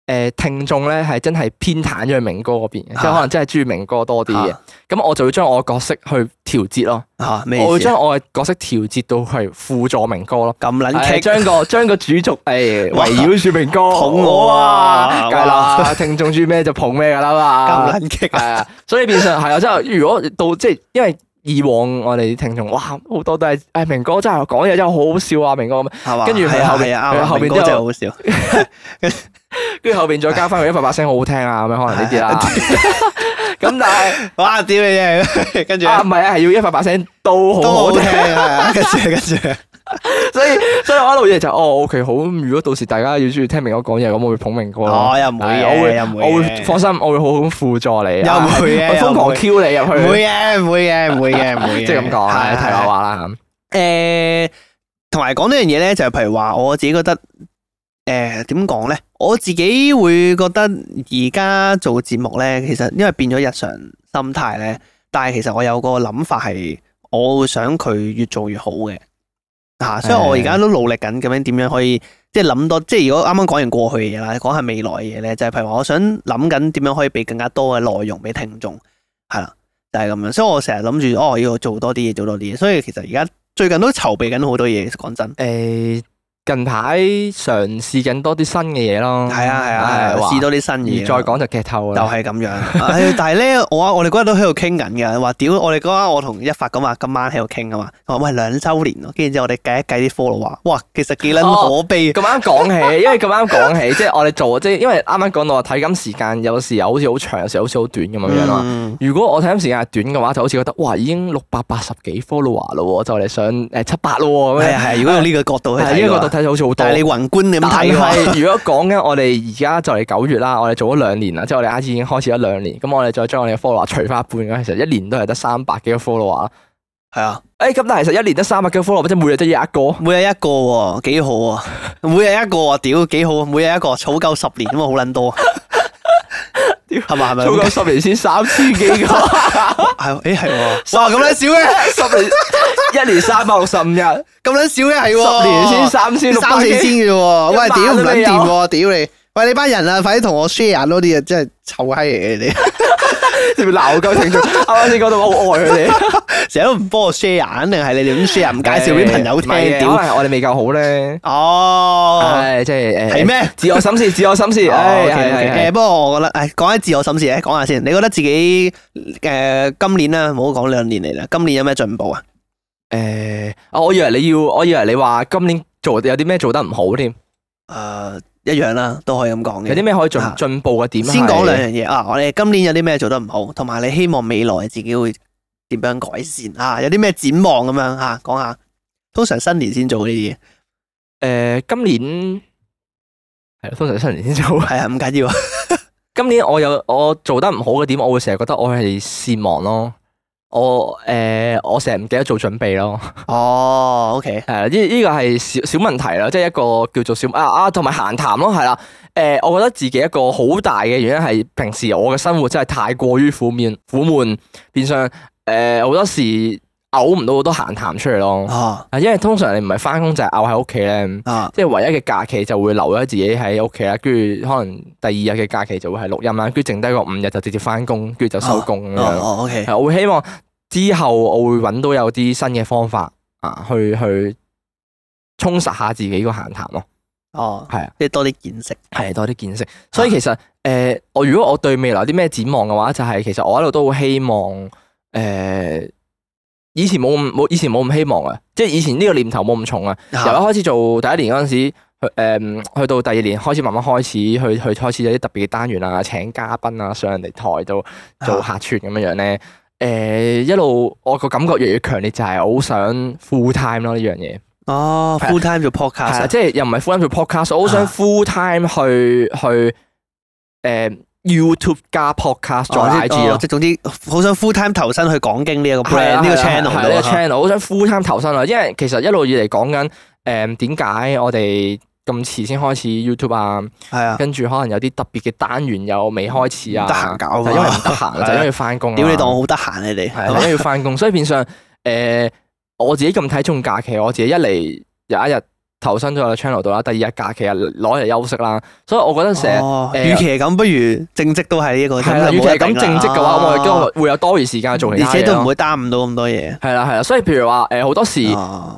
誒，聽眾咧，係真係偏袒咗去明哥嗰邊嘅，即係可能真係中意明哥多啲嘅。咁我就要將我嘅角色去調節咯，我會將我嘅角色調節到係輔助明哥咯。咁撚激！將個將個主軸誒圍繞住明哥捧我啊！梗啦，聽眾中意咩就捧咩噶啦嘛。咁撚激！係啊，所以變相係啊，即係如果到即係，因為以往我哋啲聽眾哇，好多都係誒明哥真係講嘢真係好好笑啊！明哥咁，係嘛？跟住後邊後邊真係好笑。跟住後邊再加翻佢一發把聲好好聽啊，咁樣可能呢啲啦。咁但係哇，屌你嘢？跟住啊，唔係啊，係要一發把聲都好好聽啊。跟住，跟住，所以，所以我一路嘢就哦，OK，好。如果到時大家要中意聽明我講嘢，咁我會捧明哥咯。我又唔會，我會，我會放心，我會好好輔助你。又唔會嘅，瘋狂 Q 你入去。唔會嘅，唔會嘅，唔會嘅，唔會。即係咁講，係題外話啦。誒，同埋講呢樣嘢咧，就係譬如話我自己覺得。誒，點講呢？我自己會覺得而家做節目呢，其實因為變咗日常心態呢。但係其實我有個諗法係，我會想佢越做越好嘅。啊，所以我而家都努力緊，咁樣點樣可以即係諗到，即係如果啱啱講完過去嘢啦，講下未來嘅嘢呢，就係、是、譬如話，我想諗緊點樣可以俾更加多嘅內容俾聽眾。係啦，就係、是、咁樣。所以我成日諗住，哦，要做多啲嘢，做多啲嘢。所以其實而家最近都籌備緊好多嘢。講真，誒、呃。近排嘗試緊多啲新嘅嘢咯，係啊係啊，試多啲新嘢。再講就劇透就係咁樣。但係咧，我啊，我哋嗰日都喺度傾緊㗎，話屌我哋嗰晚我同一發咁話，今晚喺度傾啊嘛，話喂，兩週年咯，跟住之後我哋計一計啲 follower，話，哇，其實幾撚可悲。咁啱講起，因為咁啱講起，即係我哋做即係，因為啱啱講到話睇緊時間，有時又好似好長，有時好似好短咁樣啊嘛。如果我睇緊時間係短嘅話，就好似覺得哇，已經六百八十幾 follower 嘞喎，就嚟上誒七百嘞喎。係係，如果用呢個角度去睇。好多，但係你宏觀你咁睇？係，如果講緊， 我哋而家就嚟九月啦，我哋做咗兩年啦，即係我哋啱先已經開始咗兩年。咁我哋再將我哋嘅 follower 除翻一半嘅時候，一年都係得三百幾個 follower。係啊，誒，咁但係其實一年得三百幾個 follower，即係每日得一個，每日一個喎，哦，幾好啊！每日一個屌，幾好每日一個，儲夠十年咁啊，多好捻多。屌 吧，係咪係咪？儲夠十年先三千幾個？係， 哎，誒，哎，係，哎，喎，哎。哇，咁樣少嘅十年。 一年三百六十五日，咁捻少嘅係喎，年先三千六、三四千嘅喎，喂，屌唔捻掂喎，屌你，喂你班人啊，快啲同我 share 咯，啲嘢真係臭閪嚟你，笑鬧夠程度，啱先講到我好愛佢哋，成日都唔幫我 share，肯定係你哋唔 share 唔介紹俾朋友聽嘅，屌，我哋未夠好咧，哦，係即係誒，係咩？自我審視，自我審視，誒，不過我覺得，誒，講下自我審視咧，講下先，你覺得自己誒今年啦，冇講兩年嚟啦，今年有咩進步啊？誒，我、呃、我以為你要，我以為你話今年做有啲咩做得唔好添。誒、呃，一樣啦，都可以咁講嘅。有啲咩可以進進、啊、步嘅點？先講兩樣嘢啊！我哋今年有啲咩做得唔好，同埋你希望未來自己會點樣改善啊？有啲咩展望咁樣吓？講、啊、下。通常新年先做呢啲嘢。誒、呃，今年係通常新年先做。係啊，唔緊要。 今年我有我做得唔好嘅點，我會成日覺得我係善忘咯。我誒、呃，我成日唔記得做準備咯、 oh, okay. 啊。哦，OK，係啦，呢呢個係小小問題咯，即係一個叫做小啊啊，同埋閒談咯，係啦。誒、呃，我覺得自己一個好大嘅原因係平時我嘅生活真係太過於負面、苦悶，變相誒好、呃、多時。嘔唔到好多閒談出嚟咯，啊，因為通常你唔係翻工就係嘔喺屋企咧，啊、即係唯一嘅假期就會留咗自己喺屋企啦，跟住可能第二日嘅假期就會係錄音啦，跟住剩低個五日就直接翻工，跟住就收工咁樣。OK，係我會希望之後我會搵到有啲新嘅方法啊，去去充實下自己個閒談咯。哦，係啊，啊即係多啲見識，係多啲見識。所以其實誒，我、啊、如果我對未來有啲咩展望嘅話，就係、是、其實我一路都好希望誒。呃呃以前冇咁冇，以前冇咁希望啊！即係以前呢個念頭冇咁重啊。由一開始做第一年嗰陣時，去、嗯、誒，去到第二年開始慢慢開始去去開始有啲特別嘅單元啊，請嘉賓啊上人哋台度做客串咁樣樣咧。誒、啊嗯，一路我個感覺越嚟越強烈，就係我好想 full time 咯呢樣嘢。哦、啊、，full time 做 podcast，即係又唔係 full time 做 podcast，、啊、我好想 full time 去、啊、去誒。去去呃 YouTube 加 podcast 再 IG 咯，即係總之好想 full time 投身去講經呢一個 plan 呢個 channel 度呢個 channel 好想 full time 投身啊，因為其實一路以嚟講緊誒點解我哋咁遲先開始 YouTube 啊，跟住可能有啲特別嘅單元又未開始啊，得閒搞，因為唔得閒就因為要翻工，屌你當我好得閒你哋，因為要翻工，所以變相誒我自己咁睇重假期，我自己一嚟有一日。投身咗喺 channel 度啦，第二日假期啊，攞嚟休息啦，所以我覺得成日，與其咁，呃、不如正職都係呢、呢個，係啦、啊，與其咁正職嘅話，我亦都會有多餘時間去做，而且都唔會耽誤到咁多嘢。係啦係啦，所以譬如話誒，好、呃、多時誒喺、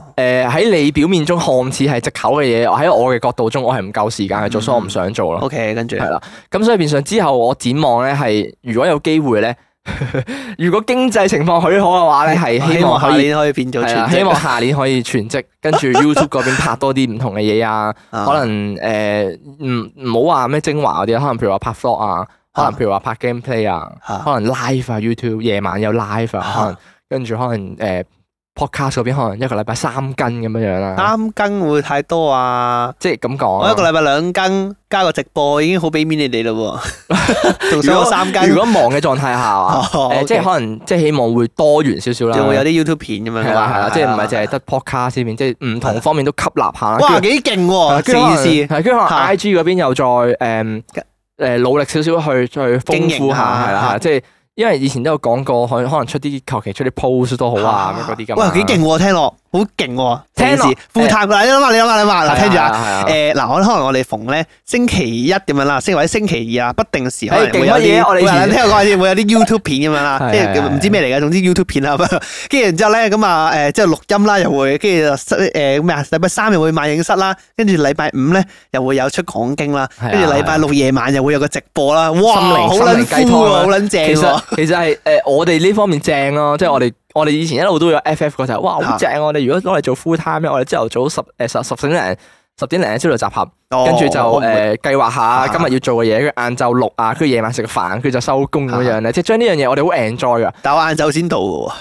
呃、你表面中看似係藉口嘅嘢，喺我嘅角度中，我係唔夠時間去做，嗯、所以我唔想做咯。OK，跟住係啦，咁、啊、所以變相之後我展望咧係，如果有機會咧。 如果經濟情況許可嘅話咧，係 希望下年可以變做全職， 希望下年可以全職， 跟住 YouTube 嗰邊拍多啲唔同嘅嘢啊。 可能誒，唔唔好話咩精華嗰啲，可能譬如話拍 Vlog 啊，可能譬如話拍 gameplay 啊， 可能 live 啊 YouTube 夜晚有 live 啊，可能跟住可能誒。呃 Podcast 嗰邊可能一個禮拜三更咁樣樣啦，三更會太多啊？即係咁講，我一個禮拜兩更加個直播已經好俾面你哋咯，仲想三更，如果忙嘅狀態下啊，即係可能即係希望會多元少少啦，就會有啲 YouTube 片咁樣係係啦，即係唔係淨係得 Podcast 片，即係唔同方面都吸納下。哇，幾勁！試一試，係跟住可能 IG 嗰邊又再誒誒努力少少去再去豐富下係啦，即係。因為以前都有講過，可可能出啲求其出啲 post 都好啊，咁嗰啲咁哇，幾勁喎！聽落。好勁喎！聽住負碳你諗下，你諗下，你諗下。嗱，聽住啊。誒嗱，我可能我哋逢咧星期一點樣啦，或者星期二啊，不定時可能會有啲。聽我講先，會有啲 YouTube 片咁樣啦，即係唔知咩嚟嘅，總之 YouTube 片啦。跟住然之後咧，咁啊誒，即係錄音啦，又會跟住室咩啊？禮拜三又會去賣影室啦，跟住禮拜五咧又會有出講經啦，跟住禮拜六夜晚又會有個直播啦。哇！好撚灰喎，好撚正其實其實係誒，我哋呢方面正咯，即係我哋。我哋以前一路都有 FF 嗰陣，哇好正！我哋如果攞嚟做 full time 咧，我哋朝頭早十誒十十點零、十點零朝頭集合，跟住就誒計劃下今日要做嘅嘢。佢晏晝六啊，佢夜晚食個飯，佢就收工咁樣咧。即係將呢樣嘢，我哋好 enjoy 噶。但我晏晝先到喎。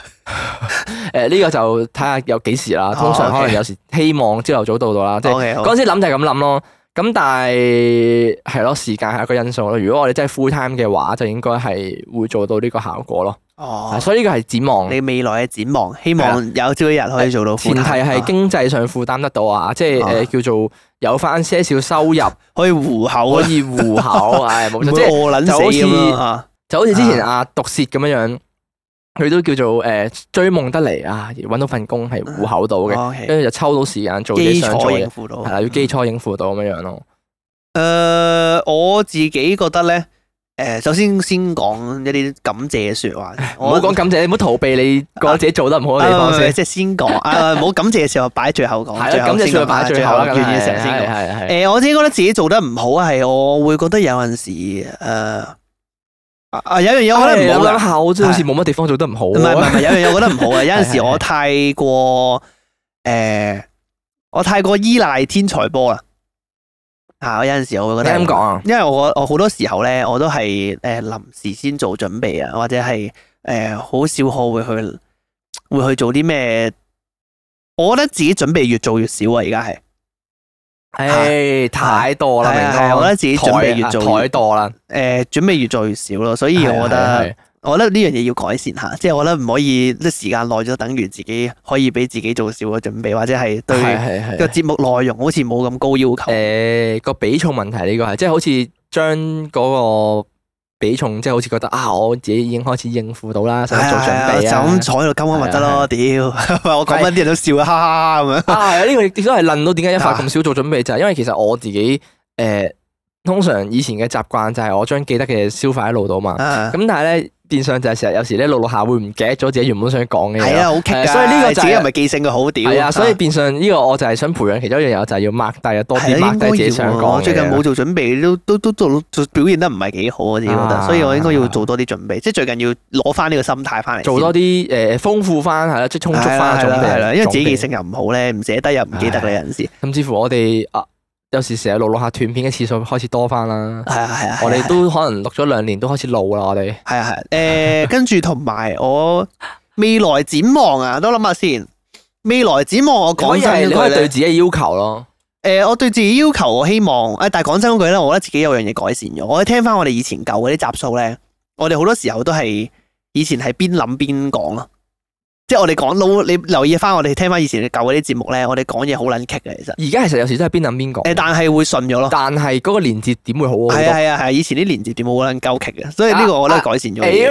誒，呢個就睇下有幾時啦。通常可能有時希望朝頭早到到啦。即係嗰陣時諗就係咁諗咯。咁但係係咯，時間係一個因素咯。如果我哋真係 full time 嘅話，就應該係會做到呢個效果咯。哦，所以呢個係展望，你未來嘅展望，希望有朝一日可以做到，前提係經濟上負擔得到啊，即係誒叫做有翻些少收入可以糊口，可以糊口，唉冇錯，餓卵死咁咯，就好似之前阿毒舌咁樣樣，佢都叫做誒追夢得嚟啊，揾到份工係糊口到嘅，跟住就抽到時間做嘢，基礎應付到係啊，要基礎應付到咁樣樣咯。誒，我自己覺得咧。誒，首先先講一啲感謝嘅說話，唔好講感謝，你唔好逃避，你覺得自己做得唔好嘅地方即係先講。誒，好感謝嘅時候擺最後講，感謝嘅時候擺最後啦，誒，我自己覺得自己做得唔好係，我會覺得有陣時誒，啊有樣嘢可能唔好諗下，好似冇乜地方做得唔好。唔係唔係，有樣嘢我覺得唔好啊，有陣時我太過誒，我太過依賴天才波啦。吓，我有陣時我會覺得，因為我我好多時候咧，我都係誒臨時先做準備啊，或者係誒好少可會去會去做啲咩，我覺得自己準備越做越少啊，而家係，誒太多啦，係啊，我覺得自己準備越做越多啦，誒準備越做越少咯，所以我覺得。我覺得呢樣嘢要改善下，即係我覺得唔可以啲時間耐咗，等於自己可以俾自己做少個準備，或者係對個節目內容好似冇咁高要求。誒個、哎呃、比重問題呢個係，即係好似將嗰個比重，即係好似覺得啊，我自己已經開始應付到啦，成做準備啊，就咁坐喺度兜彎咪得咯，屌！我講緊啲人都笑啊，是哈哈咁樣。啊、哎，呢、這個都係論到點解一發咁少做準備就係、哎、呀因為其實我自己誒、呃、通常以前嘅習慣就係我將記得嘅消化喺路度嘛，咁、哎、呀但係咧。變相就係成日有時咧，錄錄下會唔記得咗自己原本想講嘅嘢。係啊，OK 所以呢個自己又唔係記性嘅好屌。係啊，所以變相呢個我就係想培養其中一樣嘢，就係要麥低啊，多啲麥低自己想講嘅。我最近冇做準備，都都都都表現得唔係幾好，我自己覺得，所以我應該要做多啲準備，即係最近要攞翻呢個心態翻嚟，做多啲誒豐富翻係啦，即係充足翻係啦，因為自己記性又唔好咧，唔寫得又唔記得嘅人士。甚至乎我哋啊～有時成日錄錄下斷片嘅次數開始多翻啦，係啊係啊，啊、我哋都可能錄咗兩年都開始老啦，我哋係啊係誒，跟住同埋我未來展望啊，都諗下先未來展望我講。我講嘢應該對自己要求咯，誒、呃，我對自己要求我希望，誒，但係講真句咧，我覺得自己有樣嘢改善咗。我聽翻我哋以前舊嗰啲集數咧，我哋好多時候都係以前係邊諗邊講咯。即係我哋講到，你留意翻我哋聽翻以前嘅舊嗰啲節目咧，我哋講嘢好撚棘嘅，其實。而家其實有時真係邊諗邊講。誒，但係會順咗咯。但係嗰個連接點會好。係係啊係，以前啲連接點會好撚鳩棘嘅，啊、所以呢個我覺得改善咗。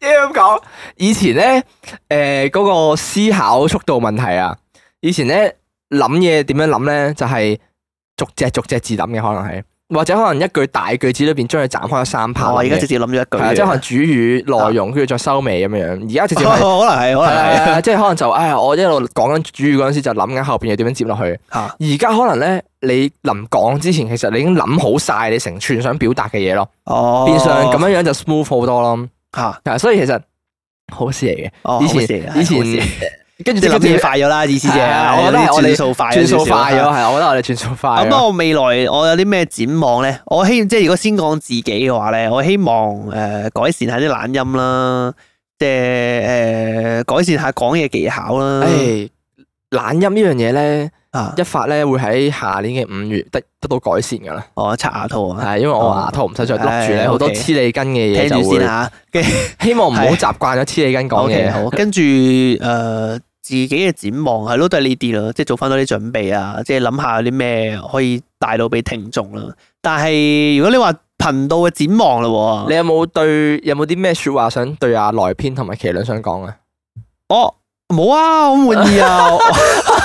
妖咁講，以前咧，誒、呃，嗰、嗰個思考速度問題啊，以前咧諗嘢點樣諗咧，就係逐隻逐隻字諗嘅，可能係。或者可能一句大句子裏邊將佢斬開咗三拍，我而家直接諗咗一句，即係可能主語內容，跟要再收尾咁樣樣。而家直接可能係，可能係，即係可能就唉，我一路講緊主語嗰陣時就諗緊後邊又點樣接落去。吓，而家可能咧，你臨講之前其實你已經諗好晒你成串想表達嘅嘢咯。哦，變相咁樣樣就 smooth 好多咯。吓，所以其實好事嚟嘅。以前。好事，好事跟住諗嘢快咗啦，意思啫。我覺得我哋轉數快，轉數快咗係。我覺得我哋轉數快。咁我未來我有啲咩展望咧？我希即係如果先講自己嘅話咧，我希望誒改善下啲懶音啦，即係誒改善下講嘢技巧啦。懶音呢樣嘢咧，一發咧會喺下年嘅五月得，得到改善噶啦。我刷牙套啊，係因為我牙套唔使再笠住咧，好多黐脷根嘅嘢就會啊。希望唔好習慣咗黐脷根講嘢。跟住誒。自己嘅展望係咯，都係呢啲咯，即係做翻多啲準備啊，即係諗下有啲咩可以帶到俾聽眾啦。但係如果你話頻道嘅展望啦，你有冇對有冇啲咩説話想對阿萊編同埋麒麟想講、哦、啊？哦，冇啊，好滿意啊！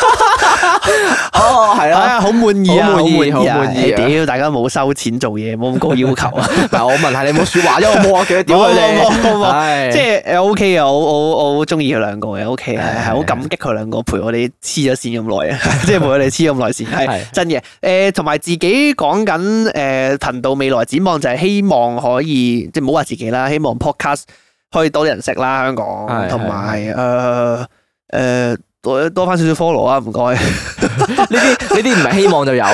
哦，係啊、 嗯，好滿意，意，意，意啊，好滿意啊，好滿意屌，大家冇收錢做嘢，冇咁高要求啊！唔、 啊、我問下你冇說話 啊，冇啊，幾多屌你，即係誒，O K 啊，我我我好中意佢兩個嘅，O K 係好感激佢兩個陪我哋黐咗綫咁耐啊，啊啊 即係陪、嗯、 我哋黐咁耐綫係真嘅。誒，同埋自己講緊誒頻道未來展望就係希望可以即係唔好話自己啦，希望 Podcast 可以多啲人識啦，香港同埋誒誒。 多多翻少少 follow 啊，唔該。呢啲呢啲唔係希望就有，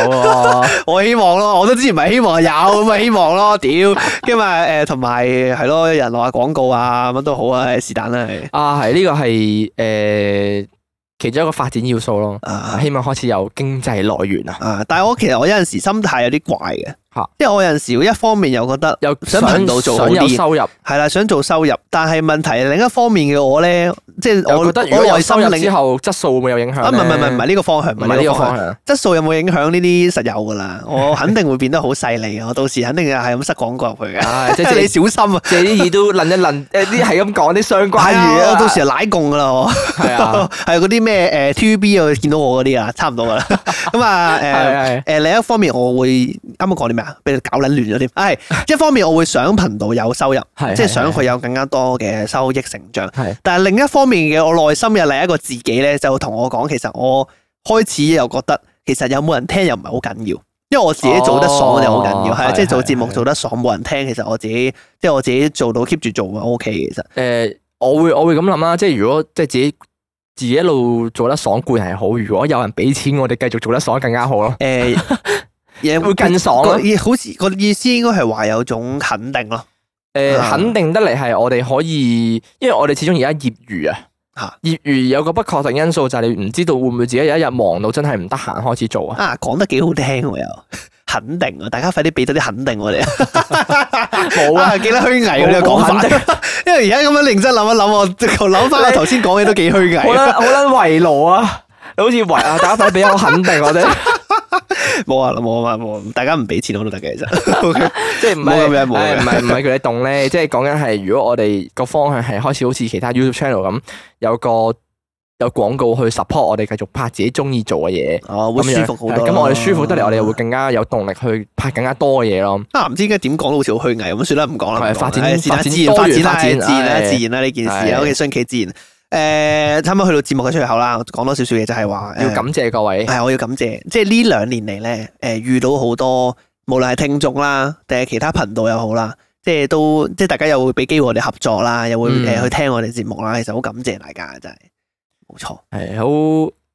我希望咯。我都之前唔係希望有，咪希望咯。屌、 嗯，咁咪誒，同埋係咯，人落下廣告啊，乜都好啊，是但啦係。啊、呢個，係呢個係誒其中一個發展要素咯。啊，希望開始有經濟來源啊。啊，但係我其實我有陣時心態有啲怪嘅。吓，即係我有陣時，一方面又覺得想頻道做好啲，收入係啦，想做收入，但係問題另一方面嘅我咧，即係我覺得如果係收入之後，質素會唔會有影響？唔係唔係唔係呢個方向，唔係呢個方向，質素有冇影響呢啲實有噶啦，我肯定會變得好犀利，我到時肯定係咁塞廣告入去嘅，即你小心啊，即啲嘢都輪一輪誒，啲係咁講啲相關。假如到時要奶共噶啦，係啊，係嗰啲咩誒 TVB 啊見到我嗰啲啊，差唔多噶啦。咁啊誒誒，另一方面我會啱啱講俾你搞捻亂咗啲，係、啊、一方面我會想頻道有收入，對對即係想佢有更加多嘅收益成長，係。但係另一方面嘅我內心嘅另一個自己咧，就同我講，其實我開始又覺得，其實有冇人聽又唔係好緊要，因為我自己做得爽就好緊要，係、哦、對即係做節目做得爽冇人聽，其實我自己即係我自己做到 keep 住做咪 O K 其實。誒、呃，我會我會咁諗啦，即係如果即係自己自己一路做得爽固然係好，如果有人俾錢我哋繼續做得爽更加好咯。 誒。 嘢會更爽、啊，好似個意思應該係話有種肯定咯、啊。誒、呃，肯定得嚟係我哋可以，因為我哋始終而家業餘啊，吓、啊、業餘有個不確定因素就係你唔知道會唔會自己有一日忙到真係唔得閒開始做啊。啊，講得幾好聽喎又，肯定啊！大家快啲俾多啲肯定我哋冇啊，幾多虛偽嘅呢個講法。因為而家咁樣認真諗一諗，我直頭諗翻我頭先講嘢都幾虛偽，好啦，好啦，圍爐啊，你好似圍爐啊，打翻比較肯定或者。冇啊，冇啊冇。大家唔俾錢我都得嘅，其實。即係唔係唔係唔係叫你動咧，即係講緊係，如果我哋個方向係開始好似其他 YouTube channel 咁，有個有廣告去 support 我哋繼續拍自己中意做嘅嘢。哦，會舒服好多。咁我哋舒服得嚟，我哋又會更加有動力去拍更加多嘅嘢咯。啊，唔知應該點講都好似好虛偽咁。算啦，唔講啦。係發展，自然發展啦，自然啦，自然啦呢件事啊。OK，順其自然。誒、呃，差唔多去到節目嘅出口啦。講多少少嘢，就係話，要感謝各位。係、呃，我要感謝，即係呢兩年嚟咧，誒、呃、遇到好多，無論係聽眾啦，定係其他頻道又好啦，即係都即係大家又會俾機會我哋合作啦，又會誒、呃、去聽我哋節目啦。其實好感謝大家，真係。冇錯，係好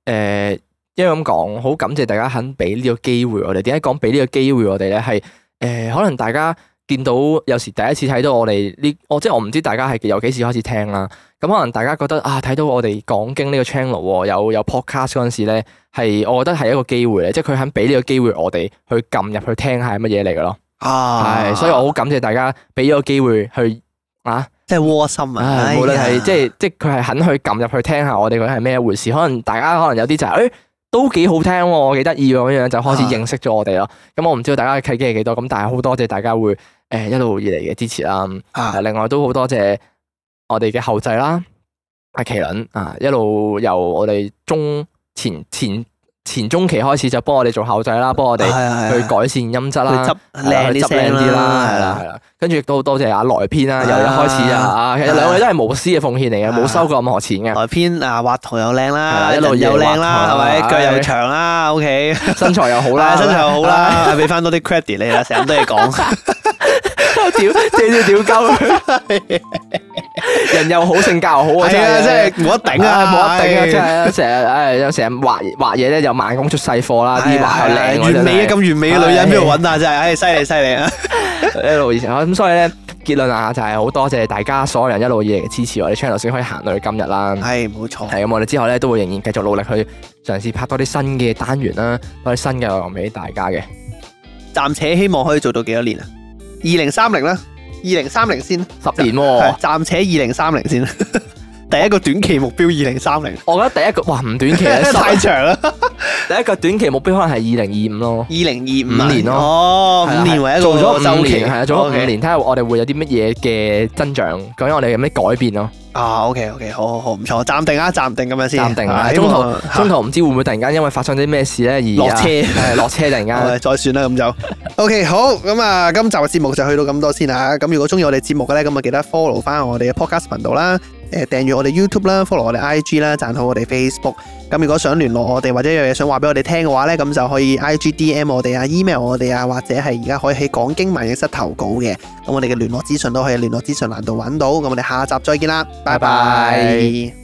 誒，因為咁講，好、呃、感謝大家肯俾呢個機會我哋。點解講俾呢個機會我哋咧？係誒、呃，可能大家。見到有時第一次睇到我哋呢，即我即係我唔知大家係由幾時開始聽啦。咁可能大家覺得啊，睇到我哋講經呢個 channel，有有 podcast 陣時咧，係我覺得係一個機會嚟，即係佢肯俾呢個機會我哋去撳入去聽下係乜嘢嚟噶咯。係、啊，所以我好感謝大家俾呢個機會去啊，即係窩心啊。無論係、哎、呀即係即係，佢係肯去撳入去聽下我哋嗰係咩回事。可能大家可能有啲就係、是、誒。哎都幾好聽喎，幾得意喎，咁樣就開始認識咗我哋咯。咁我唔知道大家嘅契機係幾多，咁但係好多謝大家會誒、欸、一路以嚟嘅支持啦。啊、另外都好多謝我哋嘅後製啦，阿、啊、麒麟，啊，一路由我哋中前前，前前中期開始就幫我哋做後製啦，幫我哋去改善音質啦，去執靚啲啦，係啦，係啦。跟住亦都好多謝阿來編啦，由一開始啊，其實兩位都係無私嘅奉獻嚟嘅，冇收過任何錢嘅。來編啊，畫圖又靚啦，一路又靚啦，係咪？腳又長啦，OK，身材又好啦，身材又好啦，俾翻多啲 credit 你啦，成日都係講。屌，正正屌鳩，人又好，性格又好啊！真係真係冇得頂啊，冇得頂啊！真係成日唉，又成日畫畫嘢咧，又慢工出細貨啦，啲畫又靚，完美嘅咁完美嘅女人邊度搵啊！真係，唉，犀利犀利啊！一路以前啊，咁所以咧結論啊，就係好多謝大家所有人一路以嚟嘅支持，我哋 channel 先可以行到今日啦。係冇錯。係咁，我哋之後咧都會仍然繼續努力去嘗試拍多啲新嘅單元啦，多啲新嘅內容俾大家嘅。暫且希望可以做到幾多年啊？二零三零啦，二零三零先，十年喎，暫且二零三零先。 第一個短期目標二零三零，我覺得第一個哇唔短期，10, 太長啦了。 第一個短期目標可能係二零二五咯，二零二五年咯，哦，五年，對年為一個做咗五年係啊，做咗五年，睇下 okay. 我哋會有啲乜嘢嘅增長，究竟我哋有咩改變咯。啊，OK，OK，OK, OK, 好好好，唔錯，暫定啊，暫定咁樣先，暫定啊，啊中途、啊、中途唔知會唔會突然間因為發生啲咩事咧而落車，落、 啊、車突然間， 再算啦咁就 OK，好咁啊，今集嘅節目就去到咁多先啊。咁 如果中意我哋節目嘅咧，咁啊記得 follow 翻我哋嘅 Podcast 頻道啦。誒訂閱我哋 YouTube 啦，follow 我哋 IG 啦，讚好我哋 Facebook。咁如果想聯絡我哋，或者有嘢想話俾我哋聽嘅話呢，咁就可以 IGDM 我哋啊，email 我哋啊，或者係而家可以喺講經問影室投稿嘅。咁我哋嘅聯絡資訊都可以聯絡資訊欄度揾到。咁我哋下集再見啦，拜拜 bye。Bye bye。